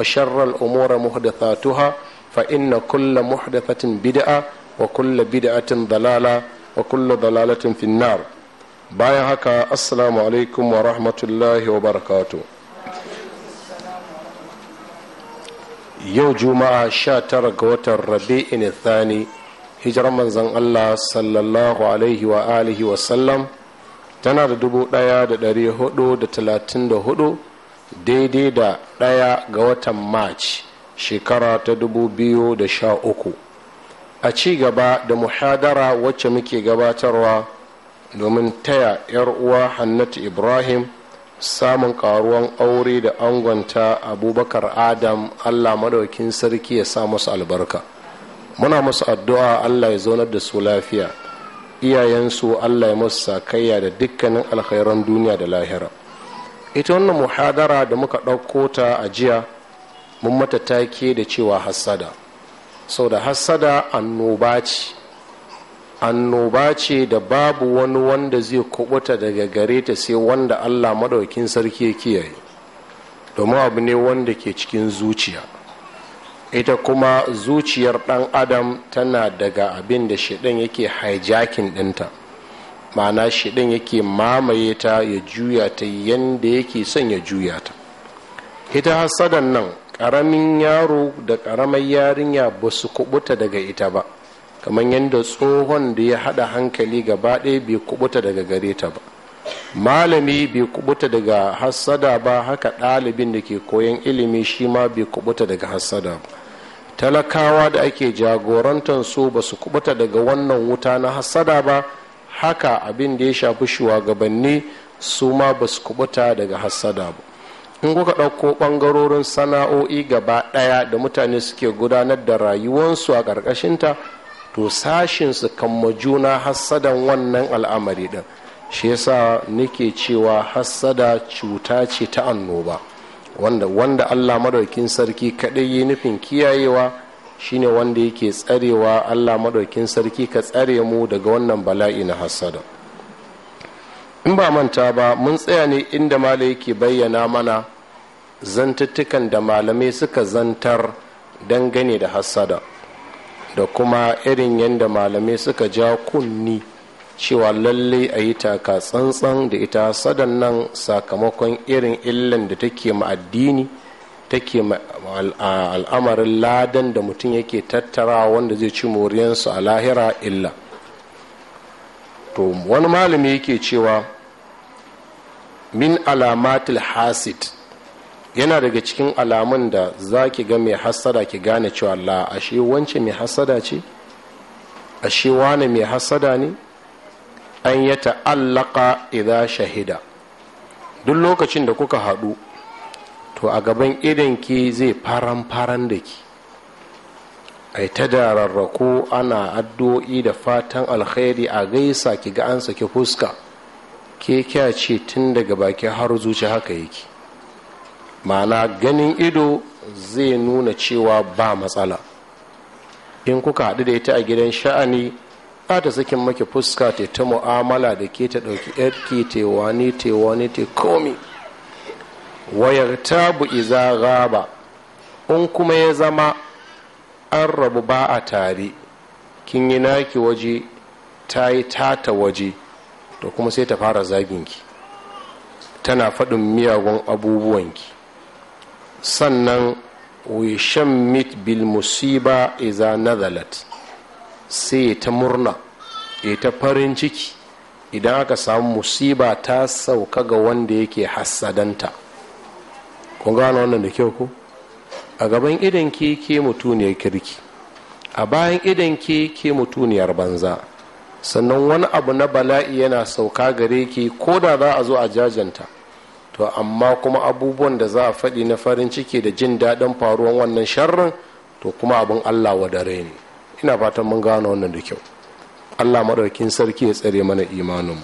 وشر الأمور محدثاتها فإن كل محدثة بدعة وكل بدعة ضلالة وكل ضلالة في النار bayan haka assalamu alaikum wa rahmatullahi wa barakatu yau juma'a sha tara ga watan rabi'in thani hijirar manzan allah sallallahu alaihi wa tana da dubu ɗaya da dari da talatin da huɗu. daidai da ɗaya ga watan march shekara ta 2013 a ci gaba da muhadara wacce muke gabatarwa domin taya 'yar uwa hannatu ibrahim samun karuwan aure da angonta abubakar adam allah madaukin sarki ya sa musu albarka muna musu addu'a allah ya zaunar da su lafiya iyayensu allah ya musu sakayya da dukkanin alkhairan duniya da lahira ita wannan muhadara da muka ɗauko ta a jiya mun mata take da cewa hassada sau da hassada annoba ce annoba ce da babu wani wanda zai kubuta daga gare ta sai wanda allah maɗaukin sarki ya kiyaye domin abu ne wanda ke cikin zuciya ita kuma zuciyar ɗan adam tana daga abin da shidan yake hijacking ɗinta ma'ana din yake mamaye ta ya juya ta yadda yake son ya juya ta ita hasadan nan ƙaramin yaro da ƙaramar yarinya ba su kubuta daga ita ba kamar yadda tsohon da ya haɗa hankali gaba ɗaya bai kubuta daga gare ta ba malami bai kubuta daga hasada ba haka ɗalibin da ke koyan ilimi shi ma bai kubuta daga hasada ba talakawa da ake jagorantar su ba su kubuta daga wannan wuta na hasada ba haka abin da ya shafi shugabanni su ma ba su kubuta daga hassada ba in kuka ɗauko ɓangarorin sana'o'i gaba ɗaya da mutane suke gudanar da rayuwarsu a ƙarƙashinta to sashinsu kan juna hassadan wannan al'amari ɗin shi yasa nake cewa hassada cuta ce ta annoba wanda wanda allah madaukin sarki kaɗai yi nufin kiyayewa shine wanda yake tsarewa allah maɗaukin sarki ka tsare mu daga wannan bala'i na hasada in ba manta ba mun tsaya ne inda mala yake bayyana mana zantattukan da malamai suka zantar dangane da hasada da kuma irin yadda malamai suka ja kunni cewa lalle a yi taka tsantsan da ita hasadan nan sakamakon irin illan da take ma addini take al'amarin ladan da mutum yake tattara wanda zai ci moriyansu a lahira illa to wani malami yake cewa min alamatil hasid yana daga cikin alamun da za ki ga mai hasada ki gane cewa la ashe wance mai hasada ce ashe wane mai hasada ne an ya ta'allaka idan shahida duk lokacin da kuka haɗu to a gaban idanki zai faran-faran da ki ai ta jararrako ana addu'o'i da fatan alkhairi a gaisa ki ga an saki fuska ke kya ce tun daga baki har zuci haka yake ma'ana ganin ido zai nuna cewa ba matsala in kuka haɗu da ita a gidan sha'ani za ta sakin maki fuska ta ta mu'amala da ke ta ɗauki yarki ta wani ta wani ta komi wayar tabu iza gaba in kuma ya zama an rabu ba a tare kin yi naki waje ta yi tata waje to kuma sai ta fara zaginki tana faɗin miyagun abubuwanki sannan shan mit bil musiba iza nazalat sai ta murna ya ta farin ciki idan aka samu musiba ta sauka ga wanda yake hassadanta kun gano wannan da kyau ko a gaban idan ke ke mutuniyar kirki a bayan idan ke ke mutuniyar banza sannan wani abu na bala'i yana sauka gare ki ko da za a zo a jajanta to amma kuma abubuwan da za a faɗi na farin ciki da jin daɗin faruwan wannan sharrin to kuma abin allah dare ne ina fatan mun gano wannan da kyau allah maɗaukin sarki ya tsare mana imanin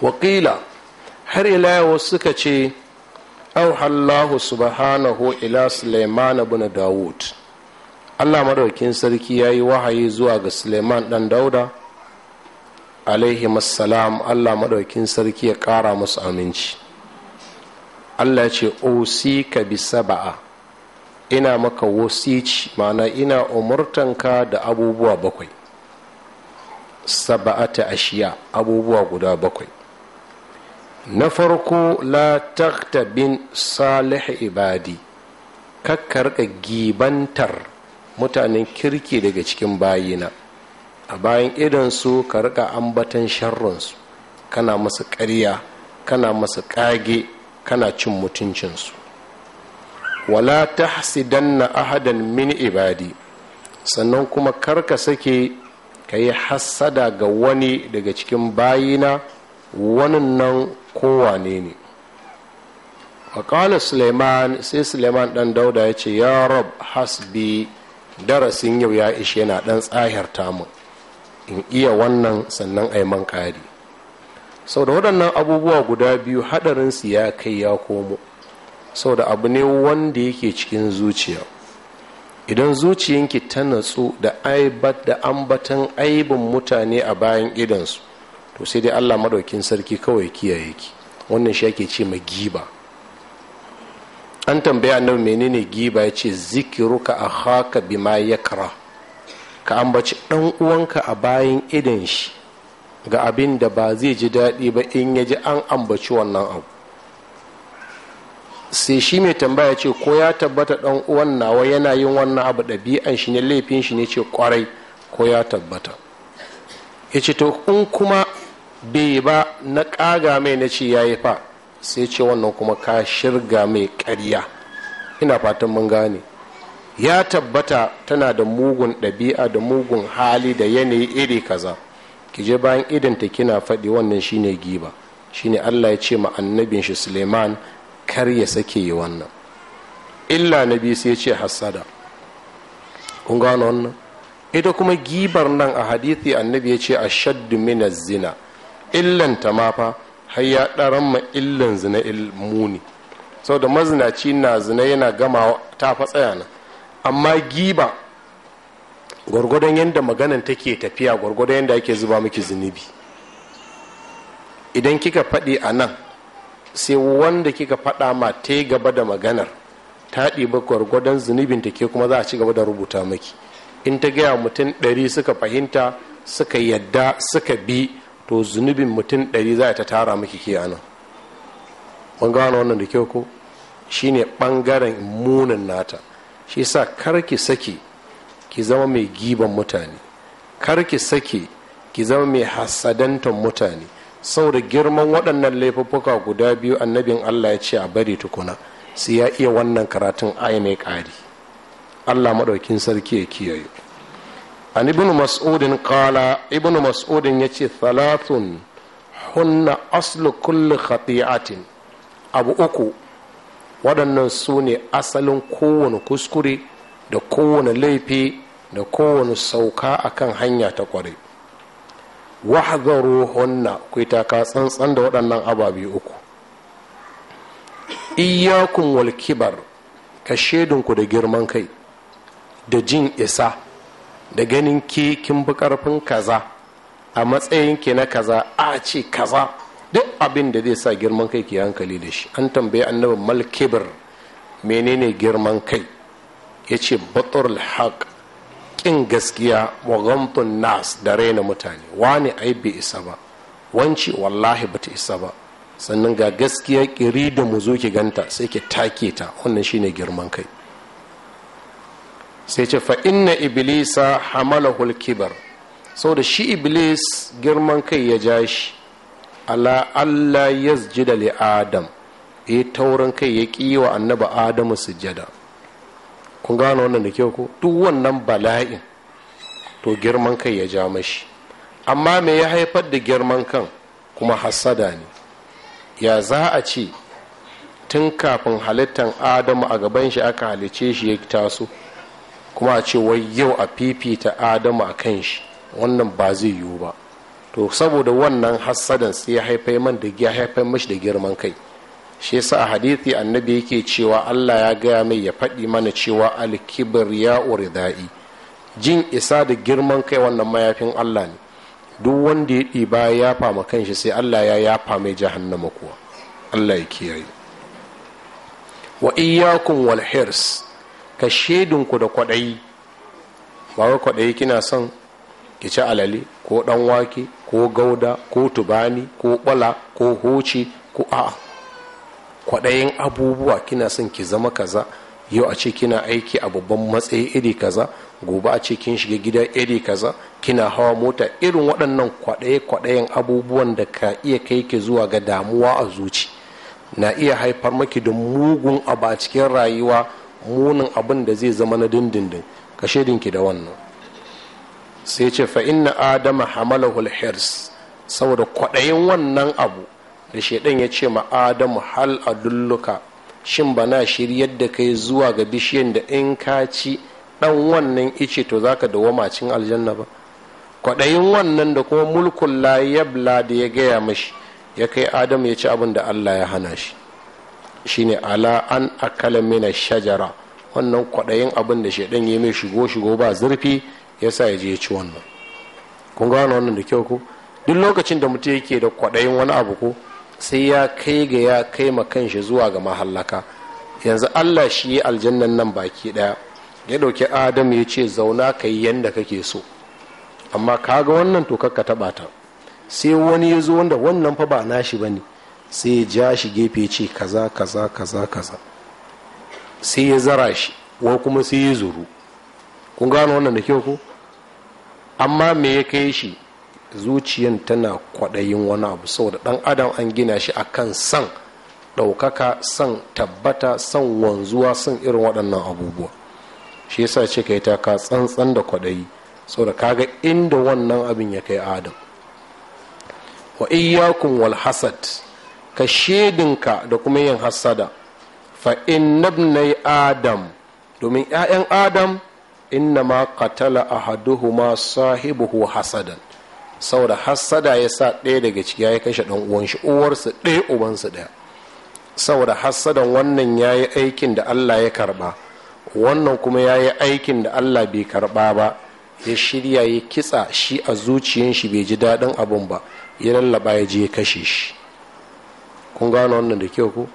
wakila har ila wasu suka ce auhallahu subhanahu ila suleiman bin dawud allah madaukin sarki ya yi wahayi zuwa ga suleiman dan dauda alaihi salam allah madaukin sarki ya kara musu aminci allah ce usika bi saba'a ina maka wasici mana ina umurtanka da abubuwa bakwai saba'ata ashiya abubuwa guda bakwai na farko la taktabin salih ibadi kakkarka gibantar mutanen kirki daga cikin bayina a bayan idansu ka rika ambatan sharronsu kana masu ƙarya kana masu ƙage kana cin mutuncinsu wala tahsidanna ahadan min ibadi sannan kuma karka sake ka yi hassada ga wani daga cikin bayina wannan kowane ne faƙala suleiman sai suleiman ɗan dauda ya ce ya rab hasbi darasin yau ya ishe yana ɗan tsahirta tamu in iya wannan sannan aiman kari. sau da waɗannan abubuwa guda biyu haɗarinsu ya kai ya komo sau da abu ne wanda yake cikin zuciya idan zuciyanki ta natsu da aibat da ambatan aibin mutane a bayan idansu to sai dai allah maɗaukin sarki kawai kiyaye ki wannan shi ake ce ma giba an tambaya nan menene giba ya ce zikiruka a haka bima ya kara ka ambaci dan uwanka a bayan idan shi ga abin da ba zai ji daɗi ba in ya ji an ambaci wannan abu sai shi mai tambaya ce ko ya tabbata dan uwan nawa yana yin wannan abu ɗabi'an shi ne laifin shi ne ce kwarai ko ya tabbata ya ce to in kuma bai ba na ƙaga mai na ce ya yi fa sai ce wannan kuma ka shirga mai ƙarya ina fatan mun gane ya tabbata tana da mugun ɗabi'a da mugun hali da yanayi iri kaza ki je bayan idinta kina faɗi wannan shine giba shine allah ya ce ma annabin shi suleiman kar ya sake yi wannan illa na biyu sai ce hassada kun gano wannan ita kuma gibar nan a hadithi annabi ya ce a shaddu mina zina illanta ma fa har ya ɗaran ma illan zina muni saboda mazinaci na zina yana gama ta fa nan amma giba gwargwadon yadda maganan take tafiya gwargwadon yadda ake zuba miki zunubi idan kika faɗi a nan sai wanda kika faɗa ma ta gaba da maganar ta ɗiba gwargwadon zunubin ta ke kuma za a ci gaba da rubuta miki in ta gaya mutum ɗari suka fahimta suka yadda suka bi to zunubin mutum ɗari za ta tara miki kiyanan mun gano wannan da kyau ko shine ɓangaren munin nata shi sa karki saki ki zama mai giban mutane karki saki ki zama mai hasadantan mutane saboda girman waɗannan laifuffuka guda biyu annabin allah ya ce a bari tukuna sai ya iya wannan karatun ai mai ƙari allah maɗaukin sarki ya kiyaye an ibn mas'udin kala ibn mas'udin yace thalathun hunna aslu kulli khati'atin abu uku waɗannan su ne asalin kowane kuskure da kowane laifi da kowane sauka akan hanya ta kware wahzaru hunna ku yi taka tsantsan da waɗannan ababe uku iyakun walkibar ka shaidinku da girman kai da jin isa da ganin ke kin bi karfin kaza a matsayin ki na kaza a ce kaza duk abin da zai sa girman kai ke hankali da shi an tambayi annabi malkibir menene girman kai ya ce batul haq kin gaskiya wa ghamtun nas da raina mutane wani ai bai isa ba wanci wallahi bata isa ba sannan ga gaskiya kiri da mu zo ki ganta sai ki take ta wannan shine girman kai sai ce fa inna iblisa hamalahul kibar saboda shi iblis girman kai ya ja shi ala allah yasjida li adam ya taurin kai ya ƙi wa annaba adamu sujjada kun gano wannan da kyau ko duk wannan bala'in to girman kai ya ja mashi amma me ya haifar da girman kan kuma hasada ne ya za a ce tun kafin halittan adamu a gaban shi aka halice shi ya taso kuma a ce wai yau a fifita adamu a kan shi wannan ba zai yiwu ba to saboda wannan hassadan sai ya haifai man da ya haifai mashi da girman kai shi yasa a hadithi annabi yake cewa Allah ya gaya mai ya faɗi mana cewa alkibir ya da'i jin isa da girman kai wannan mayafin Allah ne duk wanda ya ɗiba ya fama kanshi sai Allah ya yafa mai jahannama kuwa Allah ya kiyaye wa iyyakum wal hirs ka shedinku da kwaɗayi ba wai kwaɗayi kina son ki ci alale ko ɗan wake ko gauda ko tubani ko ɓala ko hoci ko a kwaɗayin abubuwa kina son ki zama kaza yau a ce kina aiki a babban matsayi iri kaza gobe a ce kin shiga gida iri kaza kina hawa mota irin waɗannan kwaɗaye-kwaɗayen abubuwan da ka iya kai ki zuwa ga damuwa a zuci na iya haifar maki da mugun abu a cikin rayuwa munin abin da zai zama na dindindin ka ki da wannan sai ce fa inna adama hamalahul hirs saboda kwaɗayin wannan abu da shaidan ya ce ma adamu hal adulluka shin bana shiryar da kai zuwa ga bishiyan da in ka ci dan wannan ice to zaka dawama cin aljanna ba kwaɗayin wannan da kuma mulkun la da ya gaya mashi ya kai adamu ya ci abin da allah ya hana shi shine ala an akala mina shajara wannan kwaɗayin abin da shaidan ya mai shigo shigo ba zurfi ya sa ya je ya ci wannan kun gano wannan da kyau ko duk lokacin da mutum yake da kwaɗayin wani abu ko sai ya kai ga ya kai ma kanshi zuwa ga mahallaka yanzu allah shi yi aljannan nan baki ɗaya ya ɗauki adam ya ce zauna ka yi yanda kake so amma ka ga wannan to ka taɓa ta sai wani ya zo wanda wannan fa ba nashi ba ne sai ya ja shi gefe ce kaza kaza kaza kaza sai ya zara shi wa kuma sai ya zuru kun gano wannan da kyau ko amma me ya kai shi zuciyan tana kwaɗayin wani abu saboda ɗan adam an gina shi a kan san ɗaukaka san tabbata san wanzuwa san irin waɗannan abubuwa shi yasa ce ka yi ka tsantsan da kwaɗayi saboda kaga inda wannan abin ya kai adam wa iyakun wal ka shedinka da kuma yin hassada fa innabnai adam domin 'ya'yan adam innama qatala ahaduhuma sahibuhu hasadan saboda hassada ya sa ɗaya daga ciki ya kashe ɗan uwan shi uwarsa ɗaya ubansa ɗaya saboda hassadan wannan ya yi aikin da allah ya karba wannan kuma ya yi aikin da allah bai karɓa ba ya shirya ya kitsa shi a zuciyan shi bai ji daɗin abun ba ya lallaba ya je ya kashe shi kun gano wannan da kyau ko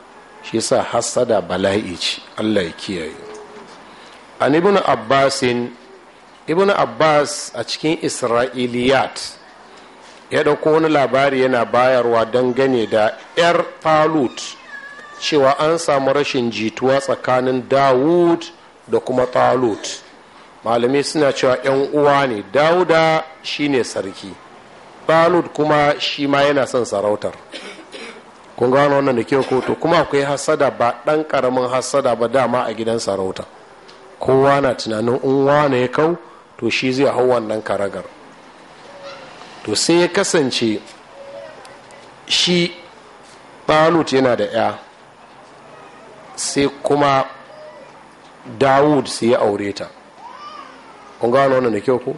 shi yasa hasada bala'i ce Allah ya kiyaye an Ibn abbasin ibnu abbas a cikin isra'iliyat ya ɗauko wani labari yana bayarwa don gane da 'yar falut cewa an samu rashin jituwa tsakanin dawud da kuma talut malamai suna cewa 'yan uwa ne dawuda shine sarki talut kuma shi ma yana son sarautar kun gano wannan da kyau ko kuma akwai hasada ba dan karamin hasada ba dama a gidan sarauta kowa na tunanin in wane ya kau to shi zai hau wannan karagar to sai ya kasance shi balut yana da ya sai kuma dawud sai ya aure ta kun gano wannan da kyau ko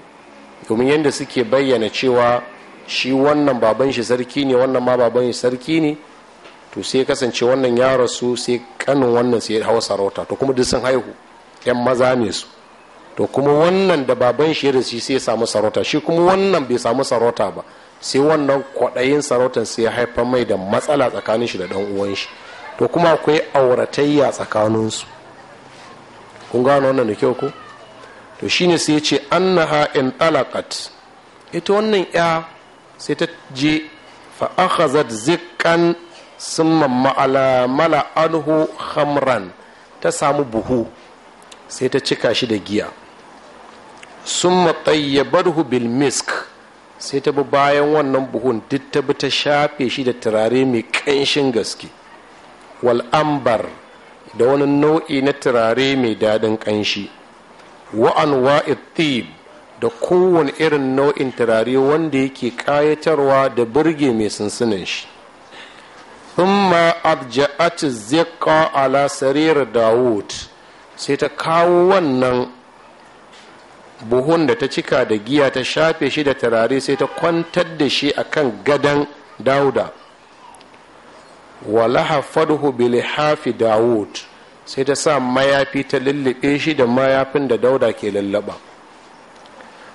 domin yadda suke bayyana cewa shi wannan baban shi sarki ne wannan ma baban shi sarki ne to sai kasance wannan ya rasu sai kanin wannan sai hawa sarauta to kuma duk sun haihu yan maza ne su to kuma wannan da baban shi da shi sai ya samu sarauta shi kuma wannan bai samu sarauta ba sai wannan kwaɗayin sarautar sai ya haifar mai da matsala tsakanin shi da ɗan uwan shi to kuma akwai auratayya tsakaninsu kun gano wannan da kyau ko to shine sai ya ce annaha in talaqat ita wannan ya sai ta je fa akhazat zikkan sun mala anhu hamran ta samu buhu sai ta cika shi da giya sun matayyabarhu bil misk sai ta bi bayan wannan buhun duk ta bi ta shafe shi da turare mai ƙanshin gaske wal'ambar da wani nau'i na turare mai daɗin ƙanshi wa'anwa itib da kowane irin nau'in turare wanda yake ƙayatarwa da birge mai sunsunan shi thumma abja'at zikka ala sarir dawud sai ta kawo wannan buhun da ta cika da giya ta shafe shi da turare sai ta kwantar da shi akan gadan dauda walaha bilhafi bilihafi dawud sai ta sa mayafi ta lullube shi da mayafin da dauda ke lullaba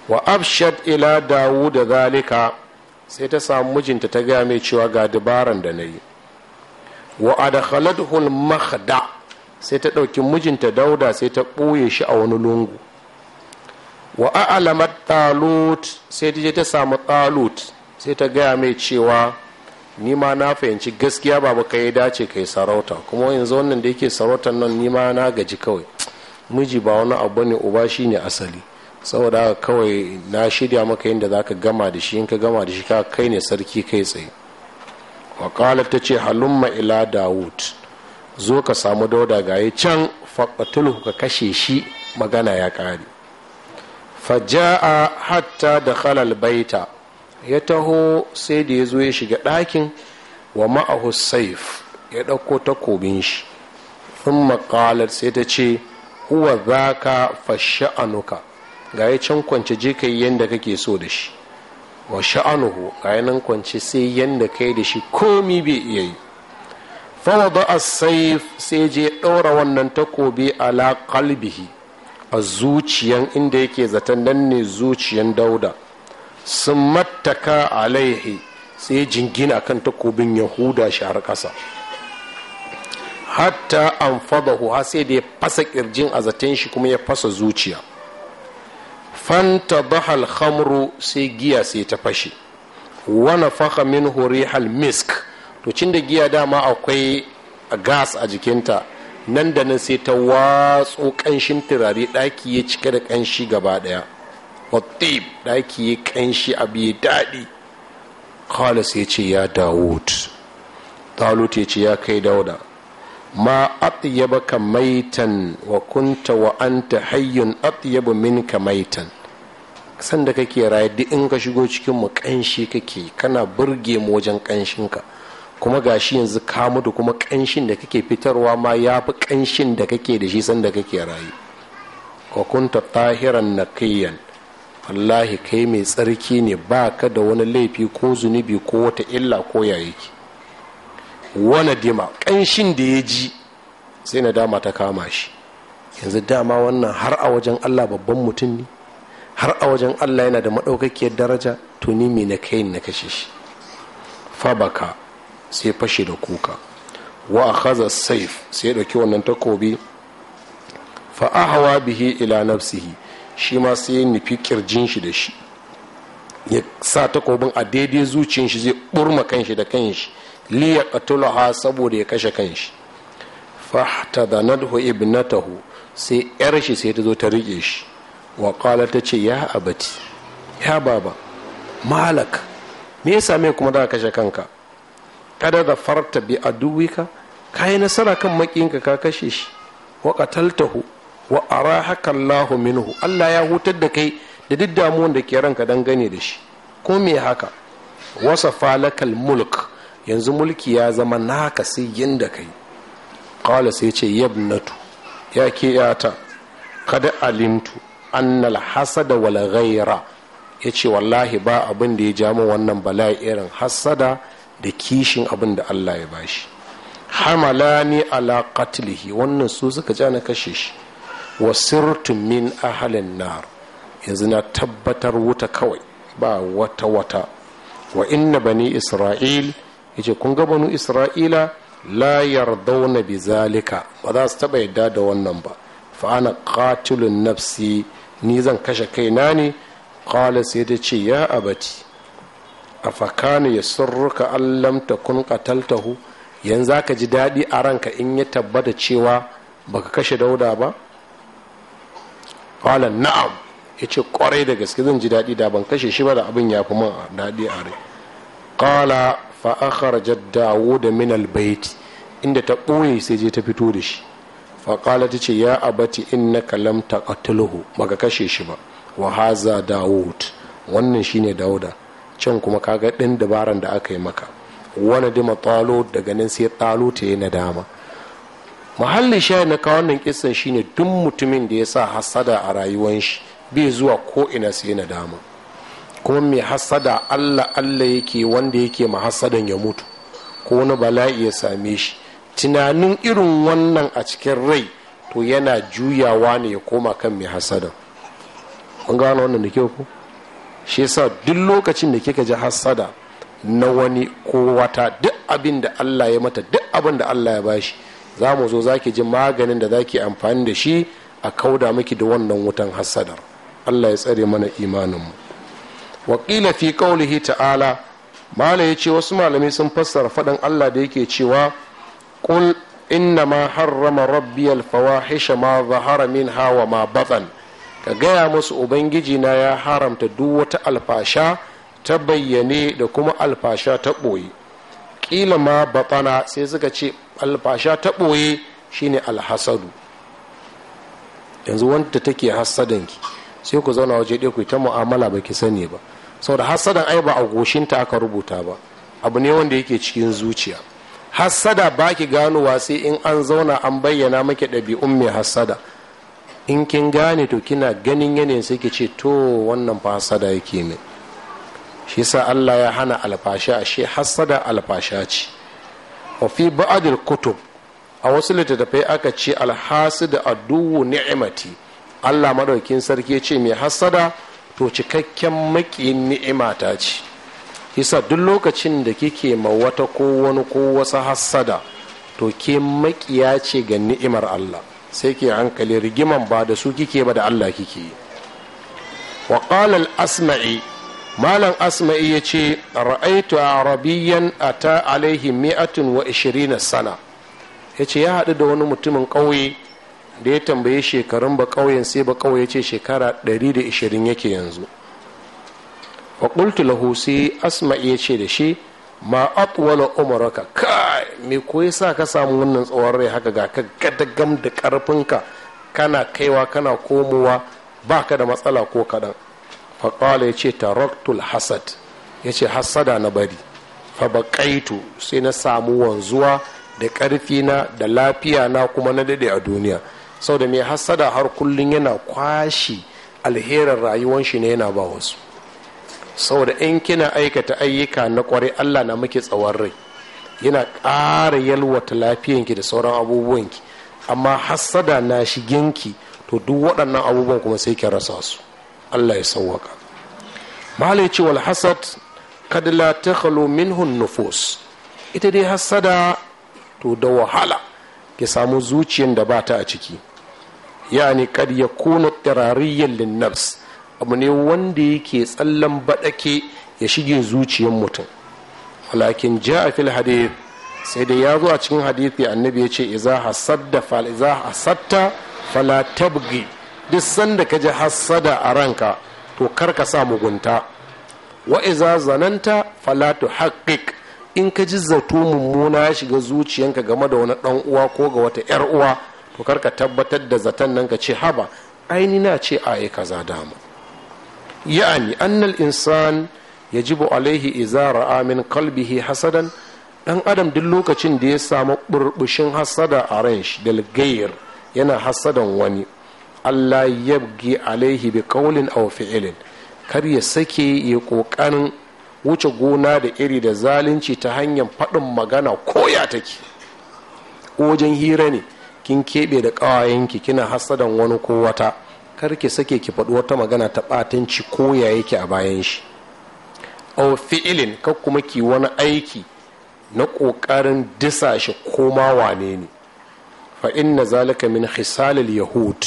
wa Afshad ila dawud zalika sai ta samu mijinta ta gaya mai cewa ga dabaran da na yi wa da al-makhda sai ta ɗauki mijinta dauda sai ta ɓoye shi a wani lungu wa a'lamat talut sai ta je ta samu talut sai ta gaya mai cewa ni ma na fahimci gaskiya baba ka ya dace kai sarauta kuma yanzu wannan da yake sarautar nan ni ma na gaji kawai miji ba wani abu ne uba shi ne asali saboda kawai na shirya maka yadda ka gama da shi in ka gama da shi ka kai ne sarki kai tsaye maƙalar ta ce halumma ila dawud zo ka samu dauda gaye can faƙatulu ka kashe shi magana ya ƙare faja'a hatta da khalal baita ya taho sai da ya zo ya shiga ɗakin wa ma'ahu saif ya ɗauko takobin shi sun maƙalar sai ta ce huwa za ka fashe anuka ga yi can kwance je ka yi yadda kake so da shi wa sha'anuhu kayanan kwance sai yanda kai da shi komi bai iya yi fawada as a sai je ɗaura wannan takobi ala kalbihi a zuciyan inda yake zaton nan ne zuciyan dauda sun mattaka alaihi sai jingina kan takobin yahuda shi har ƙasa hatta an fadahu har sai da ya fasa kirjin a zaton shi kuma ya fasa zuciya fanta bahal khamru sai giya sai ta fashe wana faka min hal misk to cin da giya dama akwai gas a jikinta nan da nan sai ta watso kanshin turare daki ya cike da kanshi gaba daya wattib daki ya kanshi abu ya daɗi khalis ya ce ya dawud talut ya ce ya kai dauda ma ka maitan wa kunta wa anta hayyun atyabu ka maitan sanda kake raye duk in ka shigo cikin mu kanshi kake kana burge mu wajen kanshinka kuma gashi yanzu ka mutu kuma kanshin da kake fitarwa ma ya fi kanshin da kake da shi sanda kake raye wa kunta tahiran kayyan wallahi kai mai tsarki ne ba ka da wani laifi ko zunubi ko wata illa ko yayake wana dima ƙanshin da ya ji sai na dama ta kama shi yanzu dama wannan har a wajen allah babban mutum ne har a wajen allah yana da maɗaukakiyar daraja to ni me na kai na kashe shi fabaka sai fashe da kuka wa akhadha saif sai wannan takobi fa ahawa bihi ila nafsihi shi ma sai nufi kirjin shi da shi ya sa takobin a daidai zuciyar shi zai ɓurma kanshi da kanshi liya ya saboda ya kashe kanshi fahtadhanathu ibnatahu sai yar shi sai ta zo ta rike shi wa kala ta ce ya abati ya baba malak me ya same kuma da kashe kanka kada da farta bi aduwika ka yi nasara kan makinka ka kashe shi wa qataltahu wa arahaka Allah minhu Allah ya hutar da kai da duk damuwan da ke ranka dangane da shi ko me haka wasa falakal mulk yanzu mulki ya zama naka sai da kai qala sai ce yabnatu ya ke yata kada alimtu annal hasada wal ghaira ce wallahi ba abin da ya ja min wannan bala'i irin hasada da kishin abin da Allah ya bashi hamalani ala qatlihi wannan su suka ja na kashe shi wa sirtu min ahalin nar yanzu na tabbatar wuta kawai ba wata wata wa inna bani isra'il yace kun ga banu isra'ila la yardawna bi zalika ba za su taba yadda da wannan ba fa ana qatilun nafsi ni zan kashe kai na ne qala sai ta ce ya abati afakana yasurruka an lam takun qataltahu yanzu ka ji daɗi a ranka in ya tabbata cewa baka kashe dauda ba qala na'am yace kwarai da gaske zan ji daɗi da ban kashe shi ba da abin ya fi man daɗi a rai qala fa dawo da minal baiti inda ta ɓoye sai je ta fito da shi fa ta ce ya abati innaka lam ba baka kashe shi ba wa haza dawud wannan shine dauda can kuma kaga ɗin dabaran da aka yi maka wani dima talo daga nan sai talo ta yi nadama muhallin sha na kawo wannan kisan shine duk mutumin da ya sa hasada a rayuwan shi bai zuwa ko ina sai nadama kuma mai hasada allah allah yake wanda yake hasadan ya mutu ko wani bala'i ya same shi tunanin irin wannan a cikin rai to yana juyawa ne ya koma kan mai hassada mun gano wannan da kyau ku shi yasa duk lokacin da kika ji hasada na wani ko wata duk abin da allah ya mata duk abin da allah ya bashi za mu zo zaki ji maganin da zaki amfani da shi a kauda miki da wannan wutan hasadar allah ya tsare mana imaninmu waƙila fi ƙaulihi ta'ala mala ya ce wasu malamai sun fassara faɗin allah da yake cewa ƙul inna ma harrama rabbi fawahisha ma zahara haramin hawa ma batsan ka gaya musu ubangiji na ya haramta duk wata alfasha ta bayyane da kuma alfasha ta ɓoye ƙila ma batsana sai suka ce alfasha ta ɓoye shine alhasadu yanzu wanda take hasadanki sai ku zauna waje ɗaya ku ta mu'amala ba ki sani ba saboda hasadan ai ba a goshinta aka rubuta ba abu ne wanda yake cikin zuciya hassada ba ki ganowa sai in an zauna an bayyana maki ɗabi'un mai hassada in kin gane to kina ganin yanayin sai ki ce to wannan fa hassada yake ne shi sa Allah ya hana alfasha shi hassada alfasha ce wa fi kutub a wasu littattafai aka ce alhasu da addu'u ni'imati Allah madaukin sarki ce mai hassada to cikakken maƙiyin ni'ima ta ce isa duk lokacin da kike ma wata ko wani ko wasu hassada to ke makiya ce ga ni'imar Allah sai ke hankali rigiman ba da su kike ba da Allah kike yi al asmai malam asma'i yace ce ra'aitu arabiyan ata alaihi mi'atun wa sana yace ya haɗu da wani mutumin ƙauye da ya tambaye shekarun ba ƙauyen sai ba ya ce shekara 120 yake yanzu wa qultu lahu asma ya ce da shi ma atwala umaraka kai me ko yasa ka samu wannan tsawon rai haka ga ka gadagam da karfinka kana kaiwa kana komowa baka da matsala ko kaɗan faƙala ya ce taraktul hasad ya ce hasada na bari fa sai na samu wanzuwa da ƙarfi na da lafiya na kuma na dade a duniya sau da mai hassada har kullum yana kwashi alherin rayuwan shi ne yana ba wasu sau da in kina aikata ayyuka na kwarai allah na muke tsawon rai yana ƙara yalwata lafiyanki da sauran abubuwanki amma hassada na shiginki to duk waɗannan abubuwan kuma sai ki rasa su allah ya sauwaka malai ce wal hasad kad la takhlu minhu nufus ita dai hassada to da wahala ki samu zuciyar da ba ta a ciki yani kad ya kuna tirariyar linnafs abu ne wanda yake tsallan baɗake ya shige zuciyar mutum walakin ja a fil hadith sai da ya zo a cikin hadithi annabi ya ce iza hasadda fal hasatta fala tabgi duk sanda ka ji hasada a ranka to kar ka sa mugunta wa iza zananta fala tuhaqqiq in ka ji zato mummuna ya shiga zuciyanka game da wani dan uwa ko ga wata yar uwa to kar ka tabbatar da zaton nan ka ce haba aini na ce a yi kaza dama ya'ani annal insan yajibu alaihi iza ra'a min qalbihi hasadan dan adam duk lokacin da ya samu burbushin hasada a ran shi dal yana hasadan wani Allah yabgi alaihi bi qawlin aw fi'lin kar ya sake ya kokarin wuce gona da iri da zalunci ta hanyar faɗin magana koya take ko wajen hira ne kin keɓe da ƙawayenki kina hasadan wani ko wata karki sake ki faɗi wata magana ta ɓatanci koya yake a bayan shi a fi'ilin kar kuma ki wani aiki na ƙoƙarin disa shi koma wane ne Fa'in na zalika min hisalil yahud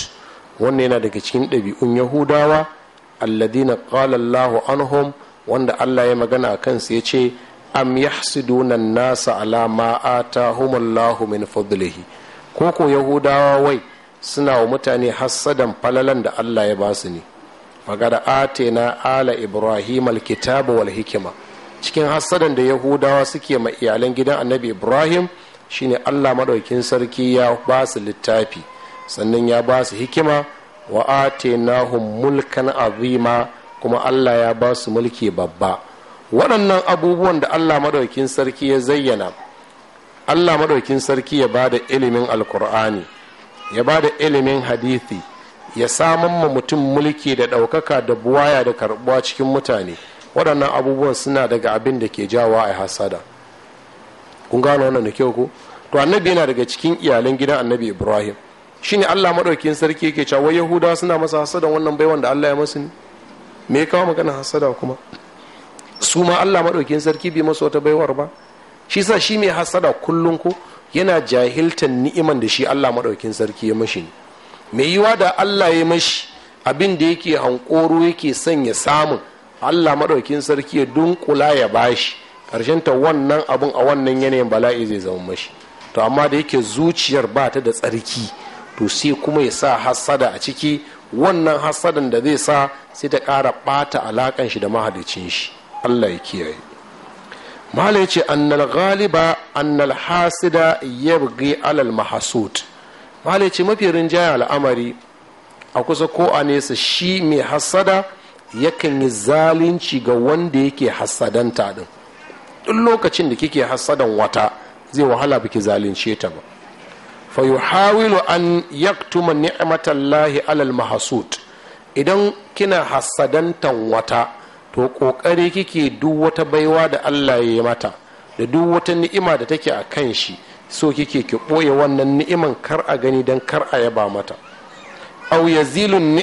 wannan yana daga cikin ɗabi'un yahudawa alladina qala anhum wanda Allah ya magana a kansu ya ce am yahsiduna nasa ala ma atahumullahu min fadlihi ko yahudawa wai suna wa mutane hassadan falalan da Allah ya ba su ne magana atena ala ibrahim alkitaba wal hikima cikin hassadan da yahudawa suke ma iyalan gidan annabi ibrahim shine Allah madaukin sarki ya ba su littafi sannan ya ba su hikima wa atenahum mulkan azima kuma allah ya ba su mulki babba waɗannan abubuwan da allah madaukin sarki ya zayyana allah maɗaukin sarki ya ba da ilimin alkur'ani ya ba da ilimin hadithi ya saman ma mutum mulki da ɗaukaka da buwaya da karɓuwa cikin mutane waɗannan abubuwan suna daga abin da ke jawa a hasada kun gano wannan da kyau ko to annabi yana daga cikin iyalan gidan annabi ibrahim shine allah maɗaukin sarki yake cewa yahudawa suna masa hasadan wannan baiwan da allah ya masu ne me ya kawo magana hasada kuma su ma allah maɗaukin sarki bi masu wata baiwar ba shi sa shi mai hasada kullum ko yana jahiltan ni'iman da shi allah maɗaukin sarki ya mashi ne mai yiwa da allah ya mashi abin da yake hankoro yake sanya samun allah maɗaukin sarki ya dunkula ya bashi ta wannan abun a wannan yanayin bala'i zai zama mashi to amma da yake zuciyar ba ta da tsarki to sai kuma ya sa hasada a ciki wannan hasadan da zai sa sai ta ƙara ɓata alaƙan shi da mahalicin shi allah ya kiyaye mahala annal galiba annal hasida yabgi alal mahasud mahala ce mafi rinjaya al'amari a kusa ko a nesa shi mai hasada yakan yi zalunci ga wanda yake hasadanta din duk lokacin da kike hasadan wata zai wahala biki zalunce ta ba fa hawilu an yaktuma ni'matallahi alal mahasud idan kina hassadantan wata to kokari kike duk wata baiwa da Allah ya yi mata da duk wata ni'ima da take a kan shi so kike ki ɓoye wannan ni'iman kar a gani dan kar a yaba mata aw yazilun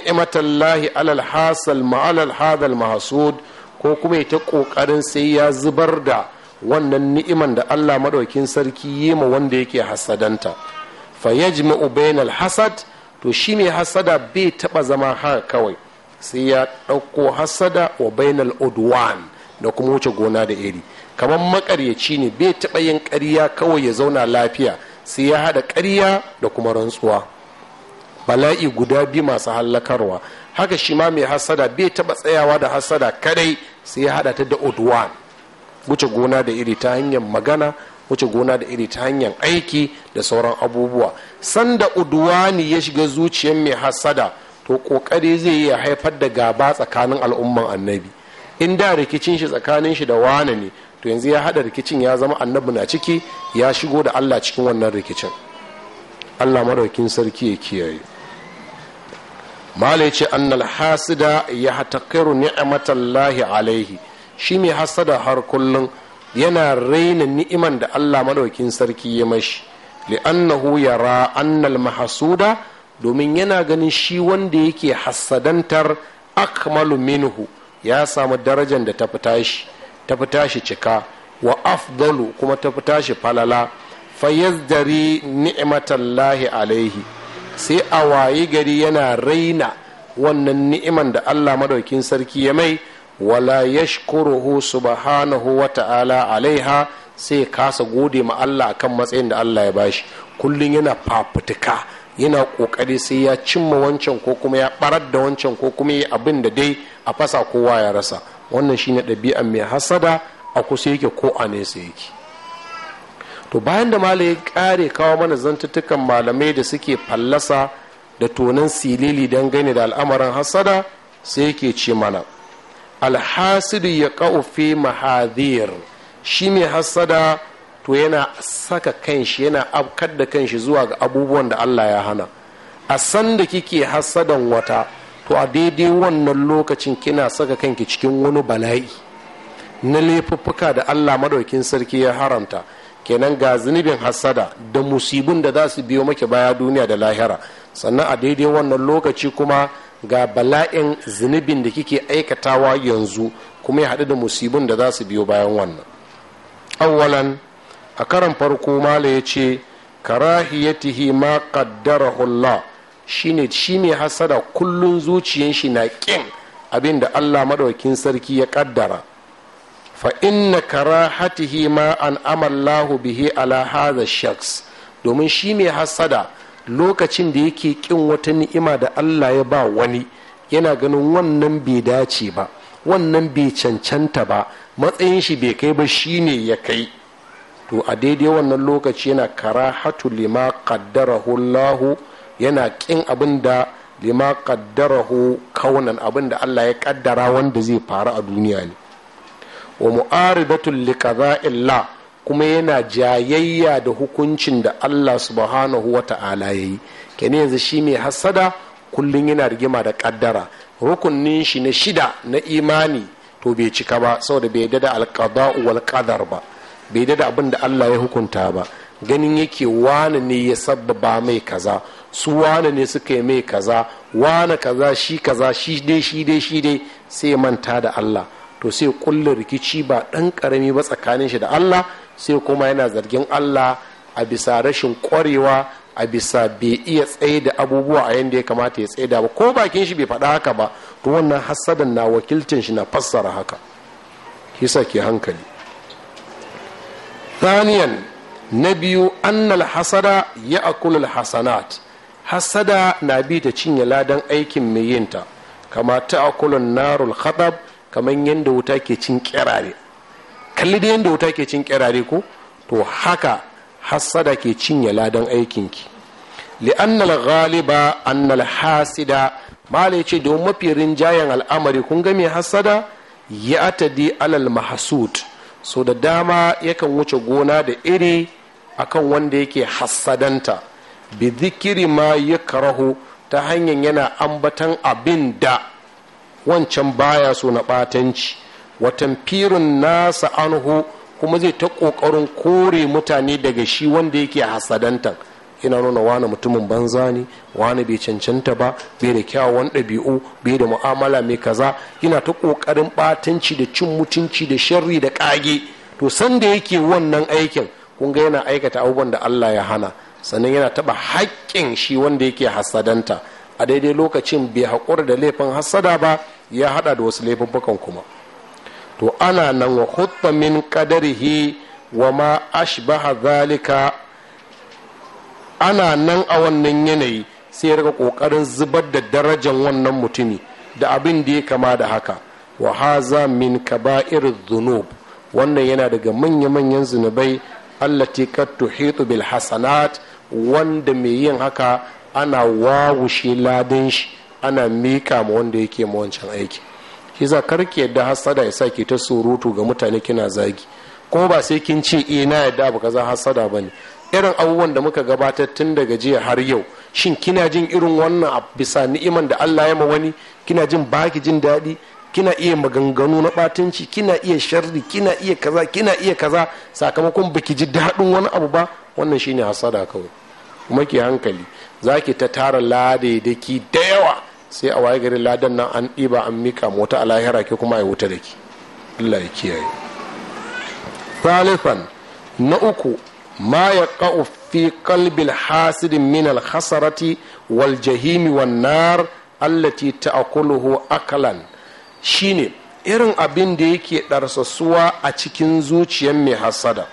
alal hasal alal hadal mahsud ko kuma ita kokarin sai ya zubar da wannan ni'iman da Allah madaukin sarki yi ma wanda yake hasadanta fa yajma'u bainal hasad to shi mai hassada bai taba zama har kawai sai ya ɗauko hassada wa bainal udwan da kuma wuce gona da iri kamar makaryaci ne bai taba yin karya kawai ya zauna lafiya sai ya haɗa karya da kuma rantsuwa bala'i guda biyu masu hallakarwa haka shi ma mai hassada bai taɓa tsayawa da hassada kadai sai ya haɗa ta da udwan wuce gona da iri ta hanyar magana wuce gona da iri ta hanyar aiki da sauran abubuwa sanda uduwani ya shiga zuciyar mai hasada to kokari zai iya haifar da gaba tsakanin al'umman annabi in da rikicin shi tsakanin shi da wane ne to yanzu ya hada rikicin ya zama annabi na ciki ya shigo da allah cikin wannan rikicin allah maraukin sarki ya kiyaye mala ce annal hasida ya ni'matallahi ni'amatallahi alaihi shi mai hasada har kullum yana raina ni'iman da Allah madaukin sarki ya mashi li'annahu yara annal mahasuda domin yana ganin shi wanda yake hassadantar akmalu minhu ya samu darajar da ta tashi ta cika wa afdalu kuma ta tashi falala fayazdari lahi alaihi sai a wayi gari yana raina wannan ni'iman da Allah madaukin sarki ya mai wala yashkuruhu subhanahu wa ta'ala alaiha sai kasa gode ma Allah kan matsayin da Allah ya bashi kullum yana fafutuka yana kokari sai ya cimma wancan ko kuma ya barar da wancan ko kuma ya abin da dai a fasa kowa ya rasa wannan shine ɗabi'an mai hasada a kusa yake ko a nesa yake to bayan da malai ya kare kawo mana zantuttukan malamai da suke fallasa da tonan silili dangane da al'amarin hasada sai yake ce mana alhasidu ya ƙa'ufe mahadir shi mai hasada to yana saka kanshi yana afkar da kanshi zuwa ga abubuwan da allah ya hana a san kike hasadan wata to a daidai wannan lokacin kina saka kanki cikin wani bala'i na laifuffuka da allah madaukin sarki ya haramta kenan ga zunubin hassada da musibin da za su biyo maki baya duniya da lahira sannan a daidai wannan lokaci kuma ga bala'in zunubin da kike aikatawa yanzu kuma ya haɗu da musibin da za su biyo bayan wannan awwalan a karan farko mala ya ce karahiyatihi ma kaddara hulla shine shi ne hasada kullun zuciyan shi na kin abin da Allah maɗaukin sarki ya kaddara fa inna karahatihi ma an amallahu bihi ala haza shaks domin shi mai hasada lokacin da yake kin wata ni'ima da Allah ya ba wani yana ganin wannan bai dace ba wannan bai cancanta ba matsayin shi bai kai ba shine ya kai to a daidai wannan lokaci yana kara karahatu lima qaddarahu hulahu, yana kin abin da lima qaddarahu kaunan abin da Allah ya kaddara wanda zai faru a duniya ne wa mu'aridatul liqada'illah kuma yana jayayya da hukuncin da Allah subhanahu wa ta'ala ya yi kene yanzu shi mai hasada kullum yana rigima da kaddara rukunin shi na shida na imani to bai cika ba saboda bai dada da alqada'u wal qadar ba bai dada abin da Allah ya hukunta ba ganin yake wani ne ya sabbaba mai kaza su wani ne suka yi mai kaza wani kaza shi kaza shi dai shi dai shi dai sai manta da Allah to sai kullum rikici ba ɗan ƙarami ba tsakanin shi da Allah sai kuma yana zargin allah a bisa rashin ƙwarewa a bisa bai iya tsaye da abubuwa a yadda ya kamata ya tsaye da ba ko bakin shi bai faɗa haka ba to wannan hassadan na wakiltin shi na fassara haka kisa ke hankali thaniyan na biyu annal hasada ya akulul hasanat hasada na bi ta cinye ladan aikin mai yinta kama ta akulun narul khatab kamar yadda wuta ke cin kirare kalli da yadda wuta ke cin kirare ko to haka hassada ke cinye ladan aikinki li'annal ghaliba annal hasida mala ce don mafi rinjayen al'amari kun ga mai hassada ya atadi alal mahasud so da dama yakan wuce gona da iri akan wanda yake hassadanta bi zikiri ma ya karahu ta hanyar yana ambatan abin da wancan baya so na batanci. Watan firin nasa anhu kuma zai ta kokarin kore mutane daga shi wanda yake hasadantan ina nuna wani mutumin banza ne wani bai cancanta ba bai da kyawawan ɗabi'u bai da mu'amala mai kaza yana ta kokarin batanci da cin mutunci da sharri da ƙage to sanda yake wannan aikin kun ga yana aikata abubuwan da Allah ya hana sannan yana taba haƙƙin shi wanda yake hasadanta a daidai lokacin bai haƙura da laifin hasada ba ya haɗa da wasu laifuffukan kuma to ana nan wa hutta min qadarihi wa ma ashbaha zalika ana nan a wannan yanayi sai ya rika kokarin zubar da darajar wannan mutumi da abin da ya kama da haka wa haza min kaba'ir dhunub wannan yana daga manya-manyan zunubai allati kad tuhitu bil hasanat wanda mai yin haka ana wawushe ladan shi ana mika ma wanda yake ma wancan aiki shi za kar ki yadda hassada ya sa ki ta surutu ga mutane kina zagi ko ba sai kin ce e na yadda abu kaza hasada bane irin abubuwan da muka gabatar tun daga jiya har yau shin kina jin irin wannan a bisa ni'iman da Allah ya ma wani kina jin baki jin daɗi kina iya maganganu na batunci kina iya sharri kina iya kaza kina iya kaza sakamakon baki ji daɗin wani abu ba wannan shine hasada kawai kuma ki hankali zaki ta tara ki da yawa sai a waye gari ladan nan an ɗiba an mika mota a lahira ke kuma ya wuta da ki Allah ya kiyaye na uku ma ya ƙa'u fi kalbin hasidin min hasarati wal jahimi wan nar allati ta'kuluhu akalan shine irin abin da yake ɗarsasuwa a cikin zuciyar mai hasada